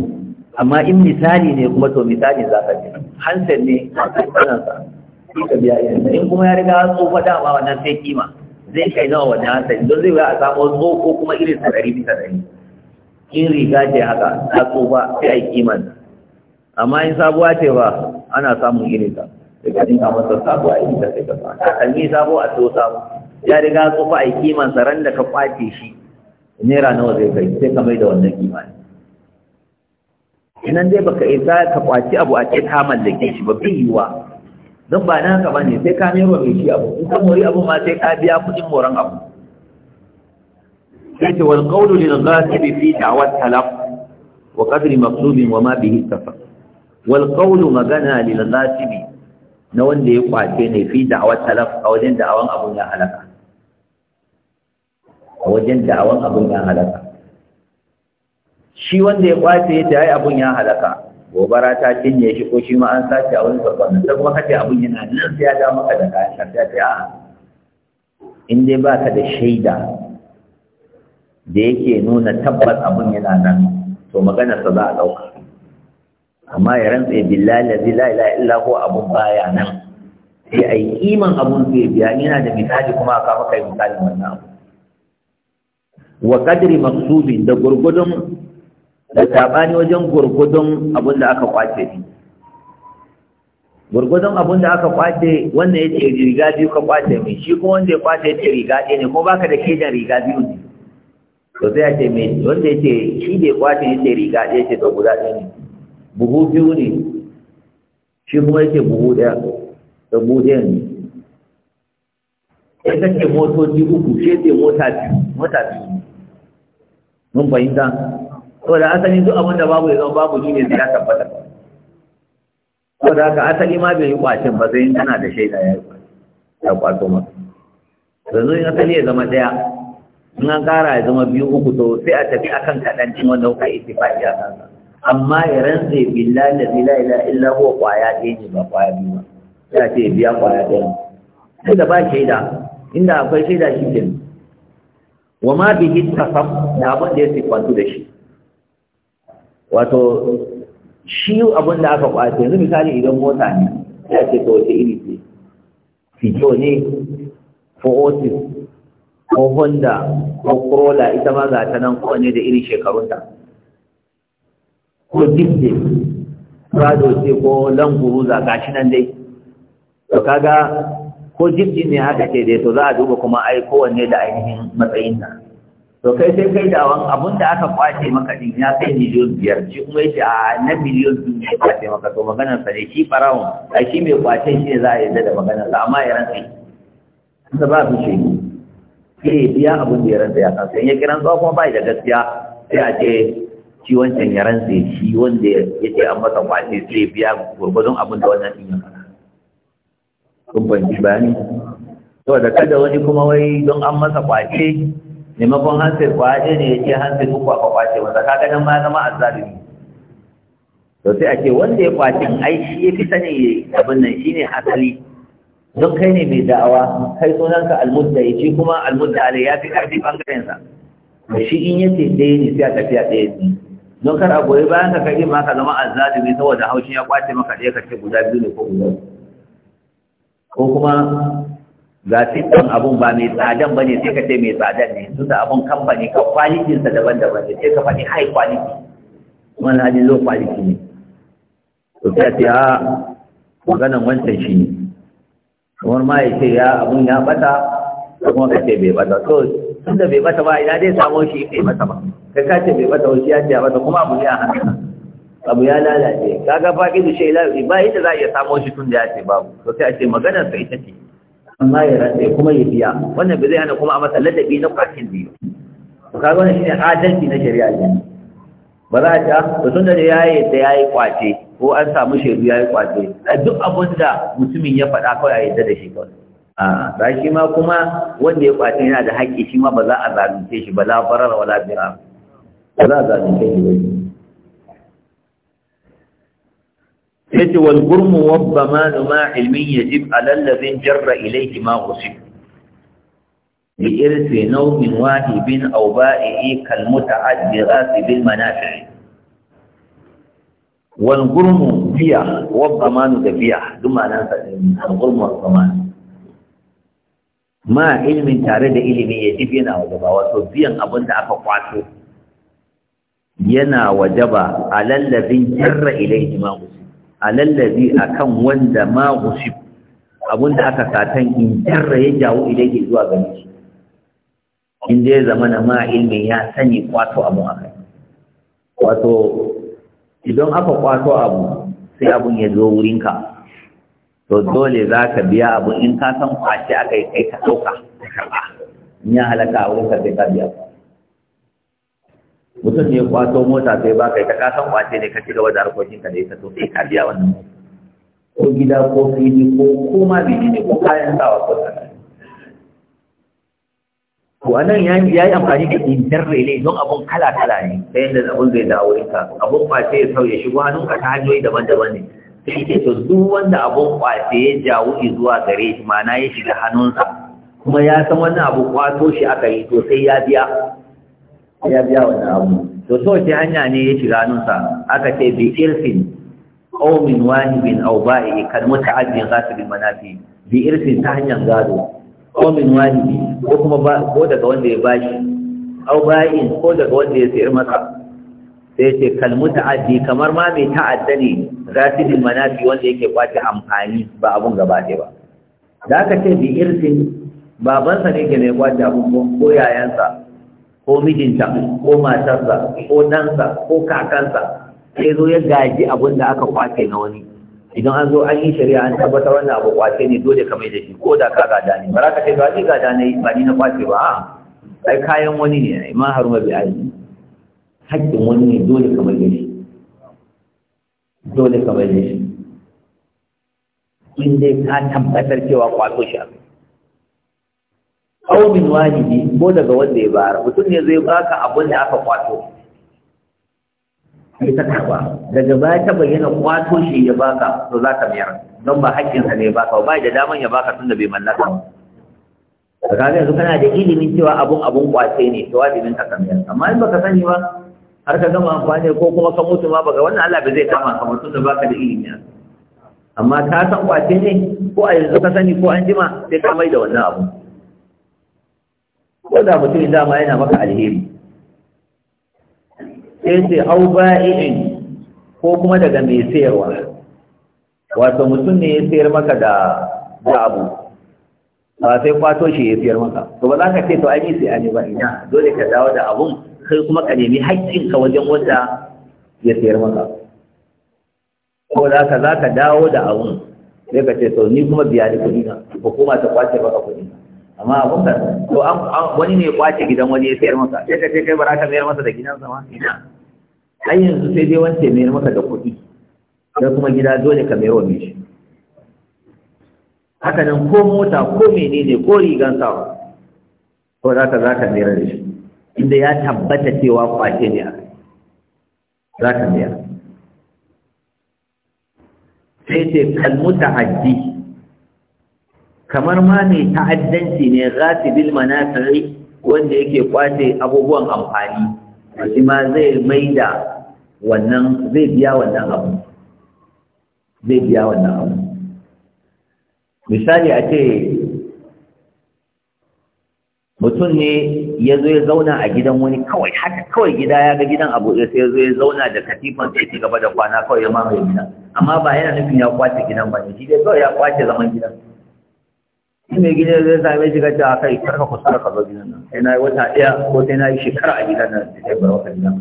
amma in misali ne kuma to misali za ka ce hansar ne a kanan sa shi ka biya irin in kuma ya riga tsofa dama wannan sai kima zai kai nawa wannan hansar don zai wuya a samu so ko kuma irin sa ɗari bisa ɗari in riga ce haka ta tsufa sai a yi kiman amma in sabuwa ce ba ana samun irin ta daga dinka masa sabuwa irin ta sai ka sa takalmi sabo a so sabo ya riga tsufa a yi kiman saran da ka kwace shi naira nawa zai kai sai ka mai da wannan kimanin inan dai baka isa ka kwaci abu a ce ka mallake shi ba bin yiwa don ba na haka ne sai ka mero mai shi abu in ka mori abu ma sai ka biya kuɗin moran abu sai wal qawlu lil fi da'wat wa qadri wa ma bihi tafa wal qawlu magana lil na wanda ya kwace ne fi da'awar talaf a wajen da'awan abun abun ya halaka shi wanda ya kwace ya yi abun ya halaka gobara ta cinye shi ko shi ma an sace a wani babban sai kuma kace abun yana nan sai ya da maka da kayan sai ta ya in dai baka da shaida da yake nuna tabbas abun yana nan to maganarsa za a ɗauka amma ya rantse billahi la ilaha illa ko abun baya nan sai a yi kiman abun zai biya ina da misali kuma aka maka misalin wannan abu wa kadri maksubin da gurgudun da tabani wajen gurgudun abun da aka kwace shi gurgudun abun da aka kwace wannan ya ce riga biyu ka kwace mai shi kuma wanda ya kwace ya ce riga ɗaya ne ko baka da kejan riga biyu ne to sai a ce me wanda yake ce shi bai kwace yake riga ɗaya ce to guda ɗaya ne buhu biyu ne shi kuma yake buhu ɗaya da buhu ɗaya ne sai ka ce motoci uku shi yake mota biyu mota biyu ne mun fahimta to da asali duk abin da babu ya zama babu shi ne sai ya tabbata to da haka asali ma bai yi kwacin ba sai yin tana da shaida ya yi kwato maka yanzu in asali ya zama ɗaya in an kara ya zama biyu uku to sai a tafi akan kadancin wanda kuka ittifaqi a kansa amma ya rantse billahi la ilaha illa huwa kwaya ɗaya ne ba kwaya biyu ba sai a ce biya kwaya ɗaya sai da ba shaida inda akwai shaida shi ke wa ma bihi tasaf da abin da ya kwantu da shi wato shi abin da aka kwace yanzu misali idan mota ne ya ce ta wace iri ce fito ne for ko honda ko corolla ita ma za ta nan kowane da irin shekarunta ko dipte prado ce ko ga shi nan dai to kaga ko dipte ne haka ce dai to za a duba kuma ai kowanne da ainihin matsayin nan to kai sai kai dawon abun da aka kwace maka din ya kai miliyon biyar shi kuma yace a na miliyon biyu ne kwace maka to maganar sa ne shi farawon a shi mai kwace shi ne za a yarda da maganar sa amma ya sai. ta shi sai biya abin da ya rantsa ya kansa in ya kiran zuwa kuma bai da gaskiya sai a ce shi wancan ya rantsa shi wanda ya ce an masa kwace sai ya biya gurgurdun abin da wannan din ya faɗa kun fahimci bayani da kada wani kuma wai don an masa kwace maimakon hansir kwace ne ya ce hansir duk kwakwa kwace wanda ka nan ma zama azzalimi to sai a ce wanda ya kwace ai shi ya fi sani abin nan shine asali don kai ne mai da'awa kai sunanka almudda ya ce kuma almudda ale ya fi ƙarfi ɓangarensa da shi in ya ce ɗaya ne sai a tafiya ɗaya ne don kar a goyi bayan ka kai ma ka zama azzalumi saboda haushin ya kwace maka ɗaya ka ce guda biyu ne ko guda ko kuma ga siffan abun ba mai tsadan ba ne sai ka ce mai tsadan ne tun da abun kamfani ka sa daban-daban ne sai ka faɗi high quality na ji low quality ne to sai a ce a ah, maganan wancan shi ne kamar ma ya ce ya abun ya bata kuma ka ce bai bata to tun da bai bata ba ina dai samo shi bai bata ba kai ka ce bai bata wasu ya ce ya bata kuma abu ya hannu abu ya lalace kaga faƙi da shi lalace ba yadda za a iya samo shi tun da ya ce babu to sai a ce maganar sa ita ce amma ya rantse kuma ya biya wannan bai zai hana kuma a masa ladabi na kwakin biyu ga wannan shine adalci na shari'a ne ba za a ce ah, to tun da ya yi da ya yi kwace ko an samu shaidu ya yi kwace a duk abin da mutumin ya faɗa kawai a yadda da shi kawai a ba shi ma kuma wanda ya kwace yana da haƙƙi shi ma ba za a zalunce shi ba la farar wala bira ba za a zalunce shi ba ce wal gurmu wabba ma ma ilmin yajib a alladhin jarra ilayhi ma usib li irsi nau'in wahibin aw ba'i kal muta'addi ghasib al manafi' wal gurmu biya wa zamanu da biya duk ma'anar sa al gurmu wal zamanu ma ilmin tare da ilimi ya ji yana wajaba wato biyan abin da aka kwato yana wajaba alallazin jarra ilaihi ma gusib alallazi akan wanda ma abin da aka satan in jarra ya jawo ilaihi zuwa gani shi in dai zamana ma ilmin ya sani kwato abun akai wato idan aka kwato abu sai abun ya zo wurinka to dole za ka biya abun in ka san kwace aka yi kai ka ɗauka ka karɓa in ya halaka a wurinka sai ka biya mutum ne kwato mota sai ba kai ka san kwace ne ka ci gaba da ka da ita to sai ka biya wannan ko gida ko fili ko koma biki ne ko kayan sawa ko sanar Wannan anan ya yi amfani da rele don abun kala-kala ne ta yadda abun zai da wurin ka abun kwace ya sauya shigo hannunka ta hanyoyi daban-daban ne sai ce to duk wanda abun kwace ya jawo zuwa gare shi mana ya shiga hannunsa kuma ya san wannan abu kwato shi aka yi to sai ya biya ya biya wannan abu to so ce hanya ne ya shiga hannunsa aka ce bi irfin qaumin wahibin aw ba'i kan muta'addin ghasibin manafi bi irfin ta hanyar gado ko min walidi ko kuma ba ko daga wanda ya bashi aw ba'in ko daga wanda ya sayar masa sai ce kalmu ta'addi kamar ma mai ta'adda ne zasidil manafi wanda yake kwace amfani ba abun gaba ɗaya ba da aka ce bi irsin babansa ne ke mai kwace abun ko yayansa ko mijinta ko matarsa ko ɗansa ko kakansa sai zo ya gaji abun da aka kwace na wani idan an zo an yi shari'a an tabbata wannan abu kwace ne dole ka mai da shi ko da ka gada ne ba za ka ce ba ni gada ne ba ni na kwace ba ai kayan wani ne ma haruma bi ai Hakkin wani ne dole ka mai da shi dole ka mai da shi inda ka tabbatar cewa kwato shi abu au min wajibi ko daga wanda ya bara mutum ne zai baka abun da aka kwato sai ta karba daga baya ta bayyana kwato shi ya baka to za ka mayar don ba haƙƙinsa ne baka ba da daman ya baka tun da bai mallaka ba ka yanzu kana da ilimin cewa abun abun kwace ne to wajibin ka kamar amma in baka sani ba har ka gama amfani ko kuma ka mutu ma baka wannan Allah bai zai kama ka mutum da baka da ilimi amma ka san kwace ne ko a yanzu ka sani ko an jima sai ka mai da wannan abu ko da mutum ma yana maka alheri sai ce au ba'i'in ko kuma daga mai sayarwa wato mutum ne ya sayar maka da abu ba sai kwato shi ya sayar maka to ba za ka ce to ai sai ani ba ina dole ka dawo da abun kai kuma ka nemi haƙƙin ka wajen wanda ya sayar maka ko za ka za ka dawo da abun sai ka ce to ni kuma biya ni kuɗi na ko kuma ta kwace maka kuɗi na amma abun ka to wani ne ya kwace gidan wani ya sayar maka sai ka ce kai ba za ka sayar masa da gidansa ma ina ai yanzu sai dai wance mai maka da kuɗi da kuma gida dole ka mayar mai shi haka nan ko mota ko menene ko rigan sawa ko za ka za ka mayar da shi inda ya tabbata cewa kwace ne a za ka mayar sai ce kalmuta hajji kamar ma mai ta'addanci ne za ghasibil manasiri wanda yake kwace abubuwan amfani shi ma zai mai da wannan zai biya wannan abu zai biya wannan abu misali a ce mutum ne ya zo ya zauna a gidan wani kawai haka kawai gida ya ga gidan abu sai ya zo ya zauna da katifan sai ci gaba da kwana kawai ya mamaye gidan amma ba yana nufin ya kwace gidan ba ne shi dai kawai ya kwace zaman gidan mai gidan zai same shi gaja a kai karka kusa ka zo gidan nan sai na yi wata ɗaya ko sai na yi shekara a gidan nan sai bar kan gidan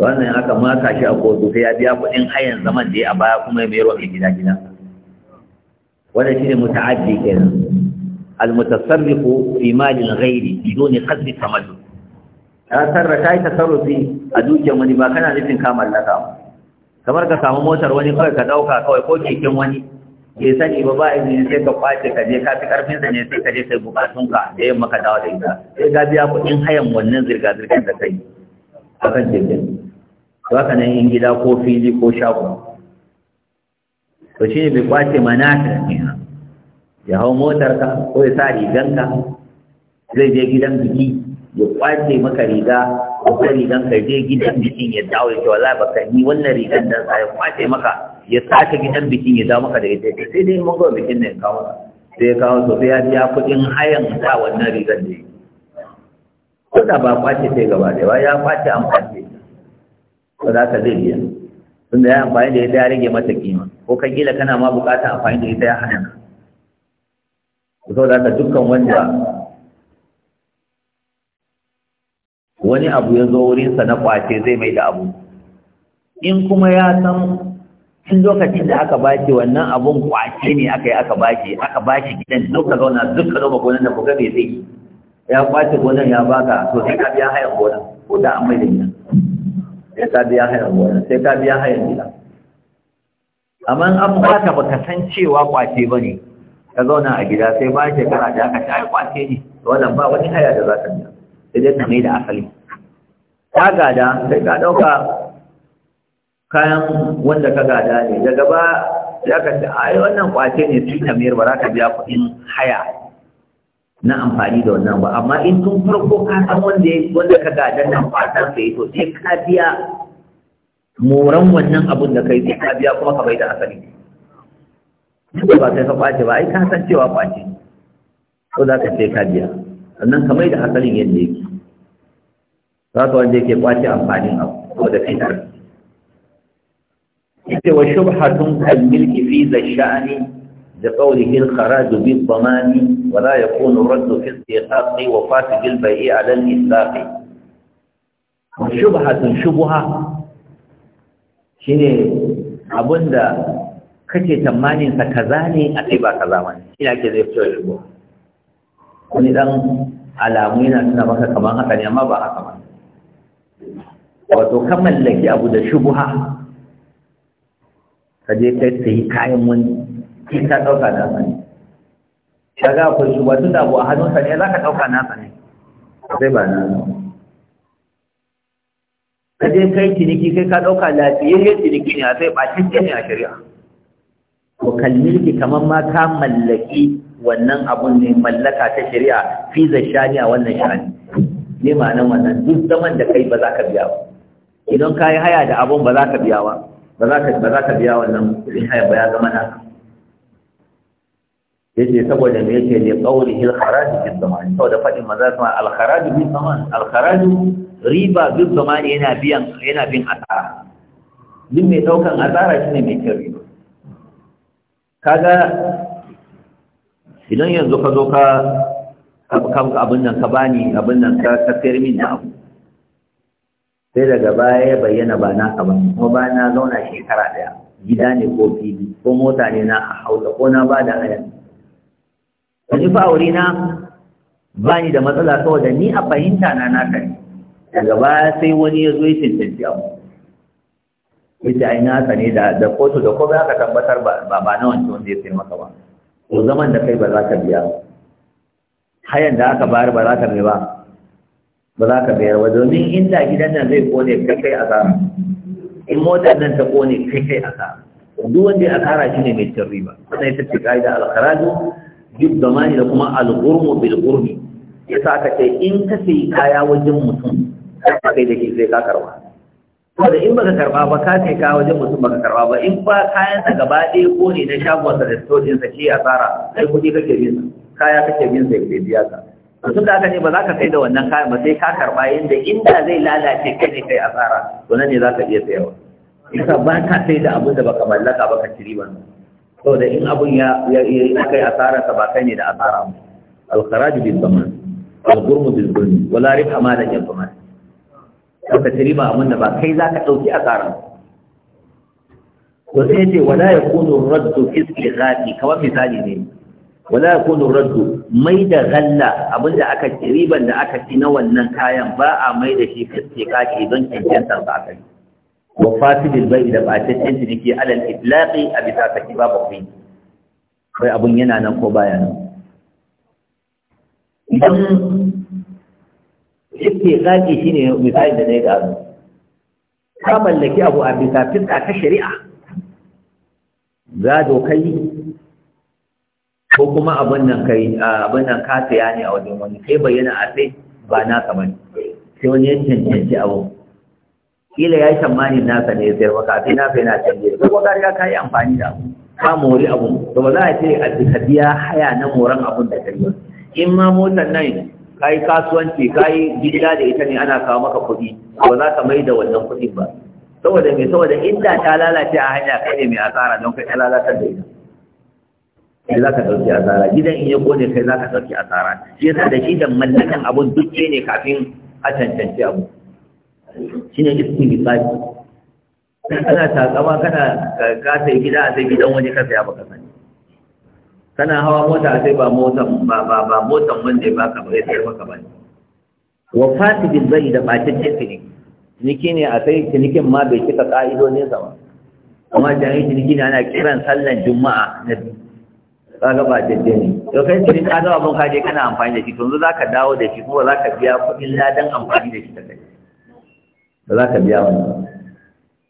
wannan aka maka shi a kotu sai ya biya kuɗin hayan zaman da ya a baya kuma ya mayar wa mai gida gidan wannan shine muta'addi kenan al fi malin ghairi biduni qasdi tamallu Ya sarrafa ta tasarrufi a dukiyar wani ba kana nufin ka mallaka kamar ka samu motar wani kawai ka dauka kawai ko keken wani ke sani ba ba ne sai ka kwace ka je ka fi karfin sa ne sai ka je kai bukatun ka da yamma ka dawo da ita sai ka biya kuɗin hayan wannan zirga zirgar da kai akan jirgin to haka nan in gida ko fili ko shago to shi ne bai kwace ta ne ya hau motar ka ko ya sa rigan ka zai je gidan biki ya kwace maka riga ko riga ka je gidan biki ya dawo ya ce wallahi baka ni wannan rigan dan sai ya kwace maka ya sake gidan bikin ya dawo maka da ita sai dai mun ga bikin ne kawo sai ya kawo to sai ya biya kudin hayan da wannan rigar ne ko da ba kwace sai gaba da ya kwace an kwace ko da ka zai biya tunda ya amfani da ita ya rage mata kima ko ka gila kana ma bukata amfani da ita ya hana ka ko da ka dukkan wanda wani abu ya zo wurinsa na kwace zai mai da abu in kuma ya san tun lokacin da aka baki wannan abun kwace ne aka yi aka baki aka baki gidan duk ka zauna duk ka zauna gonan da kuka bai zai ya kwace gonan ya baka to sai ka biya hayan gonan ko da an mai da gidan sai ka biya hayan gonan sai ka biya hayan gidan amma an baka baka san cewa kwace bane ka zauna a gida sai ba shekara da aka ta kwace ne wannan ba wani haya da za ka biya sai dai ka mai da asali ka gada sai ka dauka kayan wanda ka gada ne daga ba za ka ce yi wannan kwace ne tun da mayar ba za ka biya kuɗin haya na amfani da wannan ba amma in tun farko ka san wanda wanda ka gada nan kwatan sai to sai ka biya moran wannan abun da kai sai ka biya kuma ka bai da asali duk ba sai ka kwace ba ai ka san cewa kwace ko za ka sai ka biya sannan ka bai da asalin yadda yake za ka wanda yake kwace amfanin abu ko da kai ce wa shubhatun kalmil fi sha'ani da qawlihi al kharaj bi dhaman wa la yakunu radd fi istiqaqi wa fasid al bai' ala al istiqaqi wa shubhatun shubha shine abunda kake tamanin ka kaza ne a kai ba kaza ba ne shi ake zai fito shubha Wani dan alamu yana tana maka kaman haka ne amma ba haka ba wato kamal laki abu da shubha ka je kai sai kayan wani ki ka dauka da sani kaga akwai shi wato da abu a hannunsa ne za ka dauka na sani sai ba na ka je kai ciniki kai ka dauka lafiyayyen ciniki ne a ba cikin ne a shari'a to kalmilki kamar ma ka mallaki wannan abun ne mallaka ta shari'a fi zashani a wannan shani ne ma'anar wannan duk zaman da kai ba za ka biya ba idan ka yi haya da abun ba za ka biya ba ba za ka ba za ka biya wannan kuɗin haya ba ya zama naka yace saboda me yake ne qawlihi al-kharaj bi zaman saboda fadin maza sama al-kharaj bi zaman al-kharaj riba bi zaman yana biyan yana bin asara duk mai daukan asara shine mai kyau. riba kaga idan yanzu ka zo ka abin nan ka bani abin nan ka sayar min na abu sai daga baya ya bayyana ba na ba kuma ba na zauna shekara ɗaya, gida ne ko fili ko mota ne na a hausa ko na ba da haya wani fa'auri na ba ni da matsala saboda ni a fahimta na na kai daga baya sai wani ya zo ya cancanci abu ita ai na ne da da kotu da ko za ka tabbatar ba ba na wancan wanda ya sai maka ba ko zaman da kai ba za ka biya hayan da aka bayar ba za ka mai ba ba za ka bayar ba domin inda gidan nan zai kone kai kai a tsara, in motar nan ta kone kai kai asara duk wanda ya asara shi ne mai cin riba wannan ita ce ka'ida al-kharaju duk da mani da kuma al-ghurmu bil ghurmi yasa ka ce in ka sayi kaya wajen mutum kai da shi sai ka karba ko da in baka karba ba ka sai ka wajen mutum baka karba ba in ba kayan da gaba ɗaya ko ne na shagon sa da store din sa a tsara kai kuɗi kake bin sa kaya kake bin sa ya biya ka tun da aka ce ba za ka sai da wannan kayan ba sai ka karɓa yadda inda zai lalace kai ne kai asara to nan ne za ka iya sayawa isa ba ka sai da abin da baka mallaka ba ka ci riba saboda in abun ya ya yi asara ka ba kai ne da asara mu alkharaju bil zaman al-ghurmu bil ghurmi wala ribha ma la yaqman ka ci riba abin da ba kai za ka dauki asara to sai ce wala yakunu raddu fi istighafi kamar misali ne wala yakunu raddu mai da zalla abinda aka ci riban da aka ci na wannan kayan ba a mai da shi fiske kake don cancantar ba kai wa fasidil bai da bataccen ciniki alal itlaqi a bisa ki babu kai kai abun yana nan ko baya nan idan yake kake shine misali da dai da ka mallaki abu a bisa fiska ta shari'a gado kai ko kuma abin nan kai abin nan ka saya ne a wajen wani sai bayyana a sai ba ka bane sai wani ya cancanci abu kila ya yi tsammanin nasa ne ya sayar maka sai nasa yana canje ko kuma ka ka yi amfani da abu ka mori abu to ba za a ce a biya haya na moran abun da kai in ma motar nan ka yi kasuwanci ka yi gida da ita ne ana kawo maka kuɗi ba za ka mai da wannan kuɗin ba saboda me saboda inda ta lalace a hanya kai ne mai asara don kai ta lalatar da ita kai za ka ɗauki asara gidan in ya kone kai za ka ɗauki asara shi yasa da shi da mallakan abun duk ne kafin a cancanci abu shi ne iskin misali kana takama kana ka sai gida a sai gidan wani kasa ya baka sani kana hawa mota a sai ba motan ba ba ba motan wanda ya baka ba ya maka ba wa fasidin zai da bacin ne? ciniki ne a sai cinikin ma bai cika ka'idodin sa ba amma jami'in ciniki ne ana kiran sallan juma'a na kaga ba daidai ne to kai ce ka ga abun kaje kana amfani da shi to za ka dawo da shi ko za ka biya kuɗin ladan amfani da shi ta kai ba za ka biya wani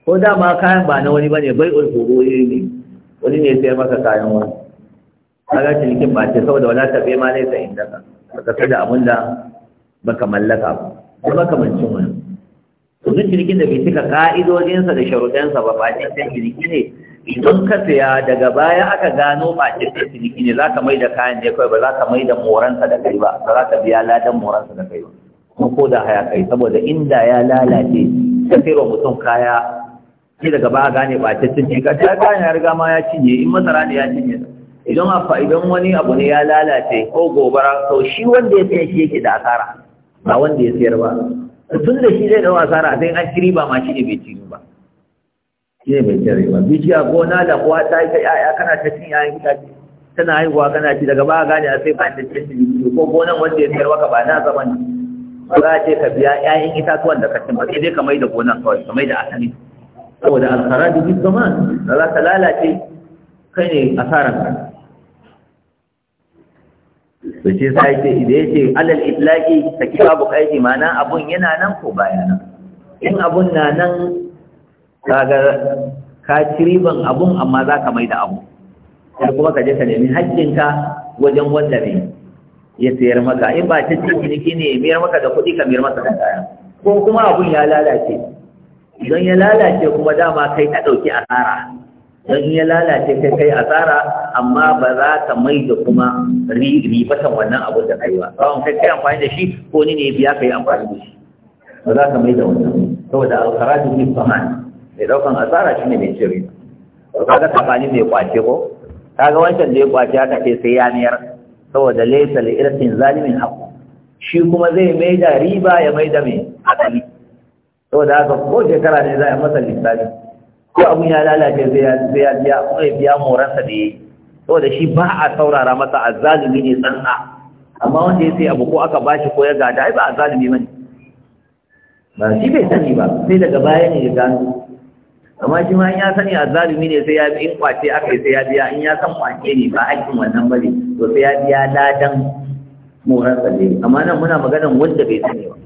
ko dama kayan ba na wani bane bai ulfuru ne wani ne sayar maka kayan wani kaga cinikin ba ce saboda wala ta bai ma ne sai inda ka baka sai da abun da baka mallaka ba ko baka mancin wani to duk cinikin da bai cika ka'idojinsa da sharuɗansa ba ba cikin sai ne idan ka saya daga baya aka gano ba ce sai ciniki ne za ka mai da kayan ne kawai ba za ka mai da moransa da kai ba ba za ka biya ladan moransa da kai ba kuma ko da haya kai saboda inda ya lalace ka sai wa mutum kaya sai daga baya gane ba ce ciniki ka ta kayan ya riga ma ya cinye in masara ne ya cinye idan afa idan wani abu ne ya lalace ko gobara to shi wanda ya sayar shi yake da asara ba wanda ya sayar ba tun da shi zai dawo asara sai an kiri ba ma shi ne bai ci ba shi mai cire ba bishiya gona da kuwa ta yi ta yaya kana ta cin yayan itace tana haihuwa kana ci daga ba gane a sai ba ta cin ko gonan wanda ya sayar waka ba na zaman ba za a ce ka biya yayan itatuwan da ka cin ba sai dai ka mai da gonan kawai ka mai da asali saboda alkara da bi zama da za ta lalace kai ne asaran ka to shi sai ce idan ya ce alal itlaqi ta kira buƙaiti ma'ana abun yana nan ko baya nan in abun na nan kaga ka ci riban abun amma za ka mai da abu ya kuma ka je ka nemi haƙƙinka wajen wanda ne ya sayar maka in ba ta ciniki ne mayar maka da kuɗi ka mayar maka da kaya ko kuma abun ya lalace idan ya lalace kuma dama kai ka ɗauki asara don ya lalace kai kai asara amma ba za ka mai da kuma ribatan wannan abun da kai ba Ba kai kai amfani da shi ko ni ne biya kai amfani da shi ba za ka mai da wannan saboda alfarajin ibtahan mai daukan asara shine mai cin riba to kaga tsakanin mai kwace ko kaga wancan da ya kwace haka ce sai ya niyar saboda laysa li irsin zalimin haqqu shi kuma zai mai da riba ya mai da mai akali saboda haka ko shekara ne za a masa lissafi ko abun ya lalace zai ya biya ko ya biya sa da yayi saboda shi ba a saurara masa azzalimi ne sanna amma wanda ya sai abu ko aka bashi ko ya gada ai ba azzalimi bane ba shi bai sani ba sai daga baya ne ya gano amma shi ma in ya sani a zalumi ne sai ya bi in kwace aka yi sai ya biya in ya san kwace ne ba aikin wannan bane to sai ya biya ladan moran tsalle amma nan muna maganan wanda bai sani ba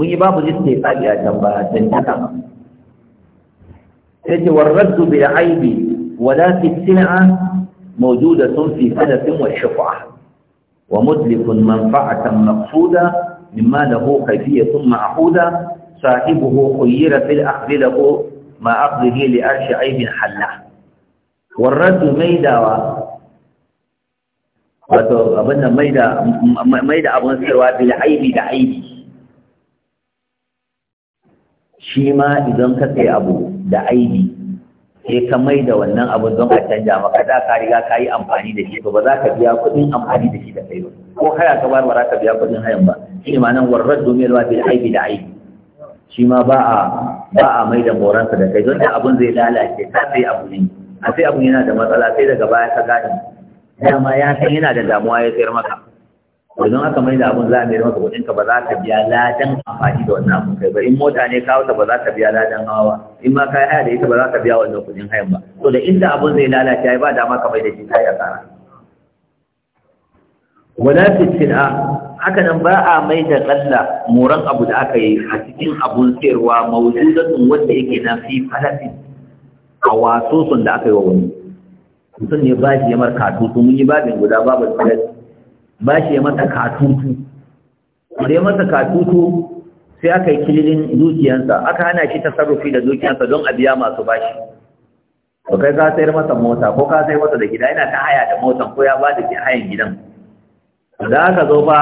mun yi babu liste tsari a can ba dan haka sai ce warraddu bil aibi wala fi mawjuda sun fi sanatin wa shafa'a wa mudlifun manfa'atan maqsuda mimma lahu kayfiyatun ma'huda sahibuhu khayyira fil akhdhi lahu ما أقضيه لأرش عيب aibin والرد ميدا maidawa wato abin da maida maida abun sirwa bil aibi da aibi shi ma idan ka tsaye abu da aibi sai ka mai da wannan abu don a canja maka da ka riga ka yi amfani da shi to ba za ka biya kudin amfani da shi da kai ba ko haya ka bayar ba za ka biya kudin hayan ba shi ma nan warar domin ruwa bil aibi da aibi shi ma ba a ba a mai da moransa da kai don da abun zai lalace ta sai abu ne a sai abu yana da matsala sai daga baya ka gane dama ya san yana da damuwa ya sayar maka idan aka mai da abun za a mai maka kudin ka ba za ka biya ladan amfani da wannan abun kai ba in mota ne kawo ta ba za ka biya ladan hawa ba. in ma kai haya da ita ba za ka biya wannan kudin hayan ba to da inda abun zai lalace ai ba dama ka mai da shi kai tsara. wala fitina haka nan ba a mai da kalla moran abu da aka yi a cikin abun sayarwa mawujudatun wanda yake na fi falafin a wato sun da aka yi wa wani mutum ne ba shi ya mar katutu mun yi babin guda babu falafin ba shi ya mata katutu da ya mata katutu sai aka yi kililin dukiyansa aka hana shi tasarrufi da dukiyansa don a biya masu bashi to kai ka sayar masa mota ko ka sayar masa da gida yana ta haya da motan ko ya ba da hayan gidan da aka zo ba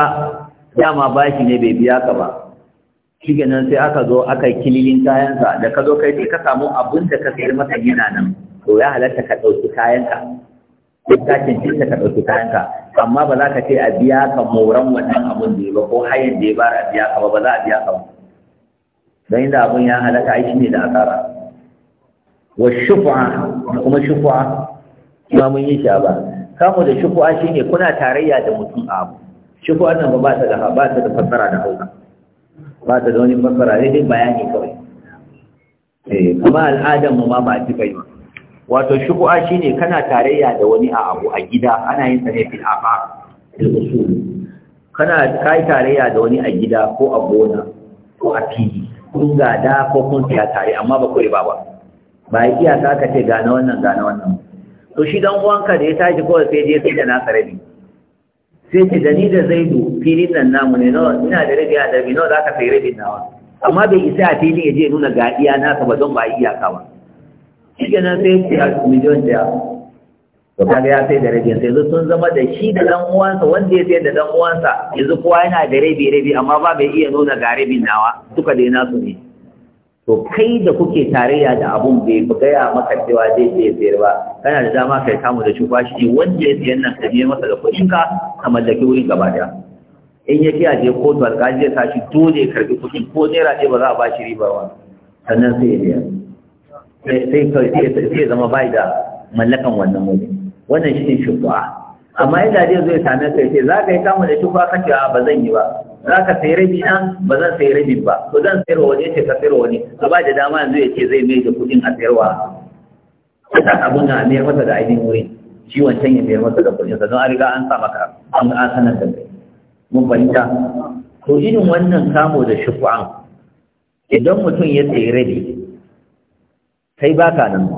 dama bashi ne bai biya ka ba shi nan sai aka zo aka yi kililin kayansa da ka zo kai sai ka samu abin da ka sayi masa yana nan to ya halatta ka ɗauki kayanka duk ka cancanta ka ɗauki kayanka amma ba za ka ce a biya ka moran wannan abin da ya ba ko hayan da ya ba a biya ka ba ba za a biya ka ba don inda abin ya halatta ai ne da asara wa shufa da kuma shufa kuma mun yi shi ba kamu da shufu'a shine kuna tarayya da mutum a abu shufu'a nan ba ta da ba ta da fassara da hausa ba ta da wani fassara ne dai bayani kawai eh kuma al'adan mu ma ba ta kai ba wato shufu'a shine kana tarayya da wani a abu a gida ana yin sa ne fil afaq fil usul kana kai tarayya da wani a gida ko a gona ko a fili kun gada ko kun siya tare amma ba ku riba ba ba iya ka ce gane wannan gane wannan ba. to shi dan uwanka da ya tashi kawai sai je sai da na rabi sai ce da ni da zaidu filin nan namu ne nawa ina da rabi a rabi nawa za ka sai rabin nawa amma bai isa a filin ya je nuna ga iya nasa ba don ba iyaka ba shi nan sai ce a miliyon daya to kaga ya sai da rabi sai sun zama da shi da dan uwansa wanda ya sai da dan uwansa yanzu kowa yana da rabi rabi amma ba bai iya nuna ga rabin nawa duka dai nasu ne to kai da kuke tarayya da abun bai gaya maka cewa zai je sayar ba kana da dama kai kamu da shufa shi wanda ya siyan nan ka masa da kuɗinka ka mallaki wuri gaba daya in ya je kotu alƙali zai tashi dole ya karbi kuɗin ko naira ɗaya ba za a ba shi riba ba sannan sai ya biya sai sai zama bai da mallakan wannan wuri wannan shi ne shufa amma inda zai zo ya same ka yace za ka yi kama da ko ka ce ba zan yi ba za ka sayi rabi na ba zan sayi rabi ba to zan sayar wani ce ka sayar wani ka ba da dama yanzu yace ce zai mai da kuɗin a sayarwa ta abun na mayar masa da ainihin wuri shi wancan ya mayar masa da kuɗin sa don an riga an sa maka an an sanar da kai mun fahimta to irin wannan kamo da shufu'an idan mutum ya sayi rabi kai baka nan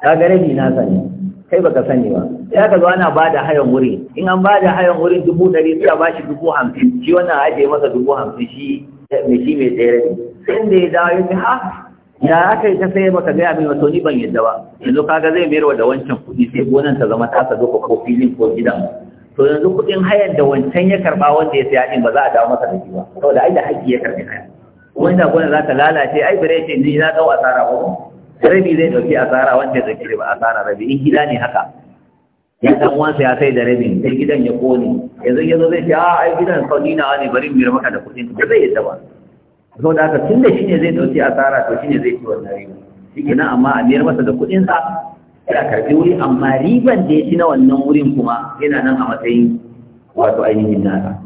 ka ga rabi na sani kai baka sani ba sai aka zo ana ba da hayan wuri in an ba da hayan wuri dubu ɗari sai a ba shi dubu hamsin shi wannan ajiye masa dubu hamsin shi mai shi mai tsere sai inda ya dawo ya ce ha ya aka yi ta sai maka gaya min wato ni ban yadda ba yanzu kaga zai mayar wa da wancan kuɗi sai gonan ta zama tasa doka ko filin ko gidan to yanzu kuɗin hayan da wancan ya karɓa wanda ya saya ɗin ba za a dawo masa da shi ba saboda ai da haƙƙi ya karɓi haya wanda gona za ta lalace ai bare ce ni na ɗau asara ba rabi zai dauki asara wanda ya dauki ba asara rabi in gida ne haka ya dan wansa ya sai da rabi sai gidan ya kone yanzu yazo zai ce a ah, ai gidan saudi na ne bari mu maka da kuɗin ba zai yadda ba so da haka tunda shine zai dauki asara to shine zai ci wannan riba shike nan amma a miyar masa da kuɗin sa Ya karɓi wuri amma riban da ya ci na wannan wurin kuma yana nan a matsayin wato ainihin nasa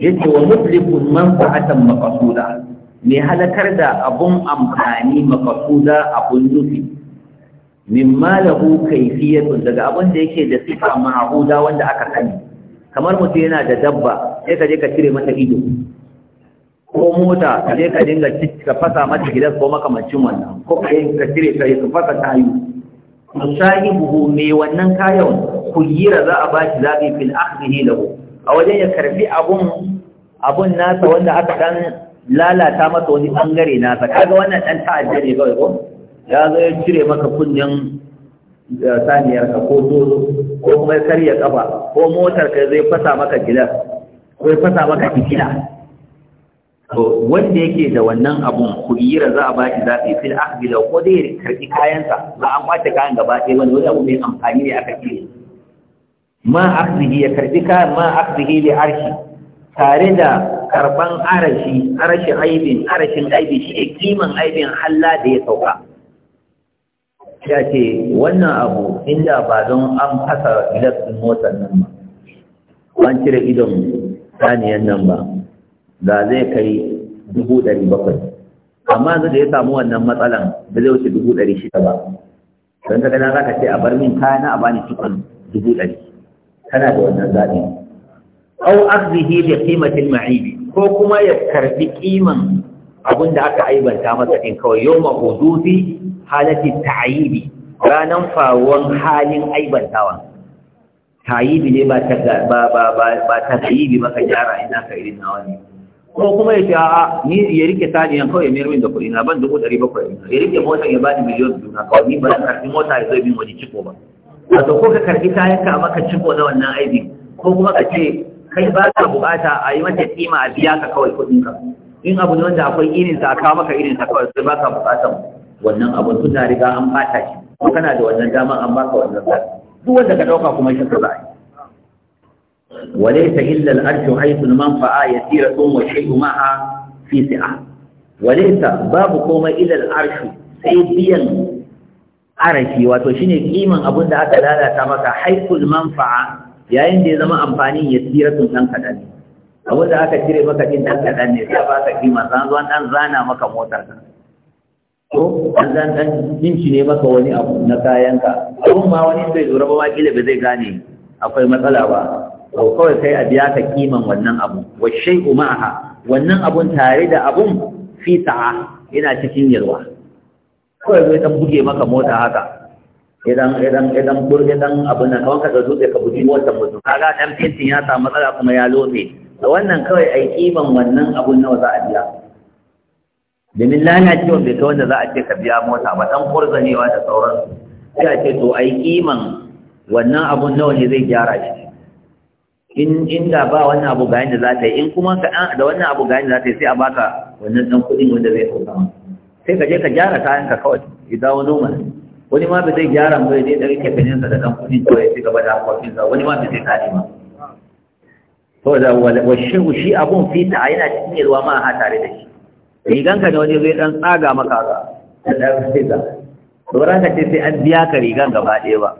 yace wa mutlikun manfa'atan maqsuda mai halakar da abun amfani mafakuda abun nufi min malahu kaifiyatun daga abin da yake da sifa mahuda wanda aka sani kamar mutum yana da dabba sai ka je ka cire mata ido ko mota ka je ka dinga ka fasa mata gidan ko makamancin wannan ko ka ka cire ka ka fasa tayu musahibuhu me wannan kayan kuyira za a ba shi zabi fil akhdhi lahu a wajen ya karbi abun abun nasa wanda aka dan lalata masa wani bangare nasa kaga wannan dan ta'adda ne kawai ko ya zo ya cire maka kunnen eh, saniyar ka ko dozo ko kuma ya karya kafa ko motar ka zai fasa maka gilas ko ya fasa maka fitila to wanda yake da wannan abun kuyira za a ba shi zafi fil akhdi da ko dai karɓi kayansa ba an kwace kayan gaba ɗaya wani wani abu mai amfani ne aka kire ma akhdihi ya karɓi kayan ma akhdihi li arshi tare da karban arashi arashin aibin arashin aibi shi ne kiman aibin halla da ya sauka ya ce wannan abu inda ba don an fasa ilaskin motar nan ba an cire idon saniyan nan ba da zai kai dubu ɗari bakwai amma zai da ya samu wannan matsalan da zai wuce dubu ɗari shida ba don ta gana za ka ce a bar min na a bani cikin dubu ɗari kana da wannan zaɓi au akhzihi bi qimatil ma'ib ko kuma ya karbi kiman abin da aka aibanta masa ɗin kawai yau mahudufi halatti ta'ayibi. ranan faruwan halin aibantawa Ta'ayibi ne ba ta ba ba ka maka gyara ina ka irin nawa ne ko kuma ya ce a ni ya rike sani yan kawai ya mayar min da kuɗi na ban dubu ɗari bakwai ya rike motar ya bani miliyon biyu na kawai ni ba na karbi mota ya zo bin wani ciko ba wato ko ka karbi kayan ka maka ciko na wannan aibin ko kuma ka ce kai ba ka bukata a yi mata kima a biya ka kawai kuɗin ka in abu ne wanda akwai irin sa kawo maka irin sa kawai sai ba ka bukatan wannan abu tun da riga an fata shi ko kana da wannan dama an baka wannan sa duk wanda ka dauka kuma shi ka za a yi وليس إلا الأرش حيث المنفعة يسيرة والشيء معها في سعة sai biyan كوما wato shine سيديا أرشي da aka lalata maka تمكا حيث المنفعة yayin da ya zama amfanin ya tsira sun ɗan kaɗan ne abin da aka cire maka ɗin ɗan kaɗan ne sai ba ka kima zan zuwa ɗan zana maka motar ka ko an zan ɗan jinci ne maka wani abu na kayan ka? abin ma wani bai zura ba wakila ba zai gane akwai matsala ba to kawai sai a biya ka kiman wannan abu wa shay'u ma'aha wannan abun tare da abun fi sa'a yana cikin yalwa kawai zai ɗan buge maka mota haka idan idan idan burge dan abin nan kawai ka dutse ka buji wata mutum kaga dan fintin ya samu matsala kuma ya lotse da wannan kawai ai kiban wannan abun nawa za a biya domin lalacewa bai ta wanda za a ce ka biya mota ba dan kurzanewa da sauran sai a ce to ai kiman wannan abun nawa ne zai gyara shi in inda ba wannan abu ga yanda za ta yi in kuma ka ah, da wannan abu ga yanda za ta yi sai a baka wannan dan kuɗin wanda zai kauta sai ka je ka gyara kayan ka kawai idan wani mana wani ma ba zai gyara ba zai ɗari sa da kan kudin to ya ci gaba da harkokinsa wani ma ba zai kare to da washin shi abun fita yana cikin yalwa ma a tare da shi riganka da wani zai ɗan tsaga maka ga da da fita ran ka ce sai an biya ka rigan gaba ɗaya ba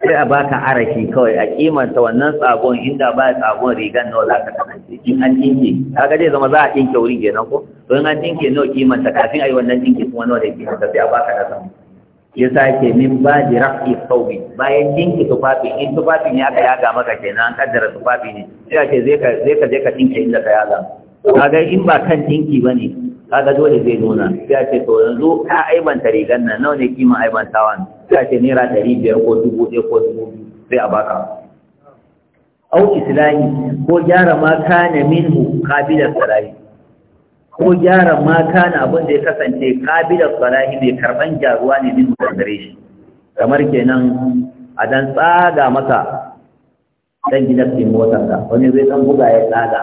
sai a baka arashi kawai a kimanta wannan tsagon inda ba tsagon rigan nawa za ka kasance in an dinke kaga zai zama za a dinke wurin kenan ko to in an dinke nawa kimanta kafin a yi wannan dinke kuma nawa da ta sai a baka na samu ya sake min ba da rafi saubi bayan dinki tufafi in tufafi ne aka yaga maka kenan an kaddara tufafi ne sai ce zai ka je ka dinka inda ka yaga kaga in ba kan dinki Ka kaga dole zai nuna sai ce to yanzu ka aibanta rigar nan nawa ne kima aibantawan sai ce naira ɗari biyar ko dubu ɗaya ko dubu biyu sai a baka au islahi ko gyara ma kana minhu kabilar salahi ko gyara ma kana abin da ya kasance kabilar salahi mai karban gyaruwa ne min gare shi kamar kenan a dan tsaga maka dan gidan cikin motar ka wani zai dan buga ya tsaga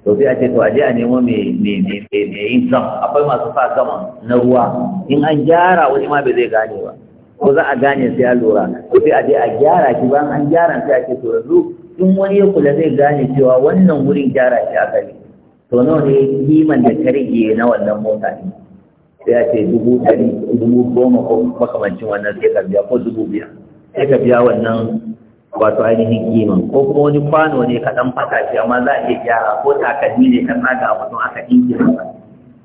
to sai a ce to aje a nemo mai me me yin gam akwai masu sa gama na ruwa in an gyara wani ma bai zai gane ba ko za a gane sai a lura to sai aje a gyara shi bayan an gyara sai a ce to yanzu in wani ya kula zai gane cewa wannan wurin gyara shi a kai to nawa ne kiman da ta rage na wannan mota ne sai a ce dubu ɗari dubu goma ko makamancin wannan sai ka biya ko dubu biyar sai ka biya wannan wato ainihin kiman ko kuma wani kwano ne ka ɗan fata shi amma za a iya gyara ko takalmi ne ka tsaga a mutum aka ɗinke masa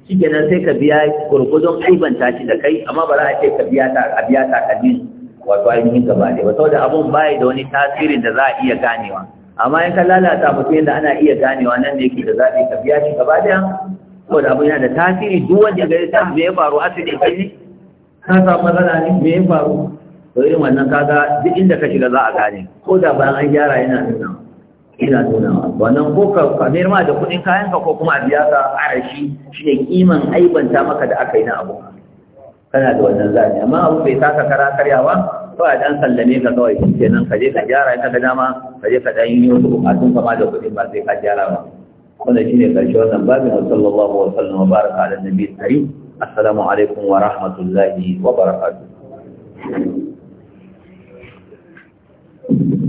shi kenan sai ka biya gurgudun aibanta shi da kai amma ba za a ce ka biya ta a biya takalmin wato ainihin gaba ɗaya ba saboda abun baya da wani tasirin da za a iya ganewa amma in ka lalata mutum yadda ana iya ganewa nan ne yake da zaɓi ka biya shi gaba ɗaya. saboda abu yana da tasiri duk wanda ga ya samu me ya faru asibiti kai ka samu matsala ne me ya faru to irin wannan kaga duk inda ka shiga za a gane ko da bayan an gyara yana nuna ina nuna wannan ko ka kamar ma da kuɗin kayan ka ko kuma a biya ka shi shine kiman aibanta maka da aka yi na abu kana da wannan zaɓi amma abu bai taka kara karyawa kawai dan sallame ka kawai shi kenan ka je ka gyara ka ga dama ka je ka dan yi wasu bukatun kama da kuɗin ba sai ka gyara ba shi ne karshe wannan babin wa sallallahu wa sallam wa baraka ala nabi tari. assalamu alaikum wa rahmatullahi wa barakatuh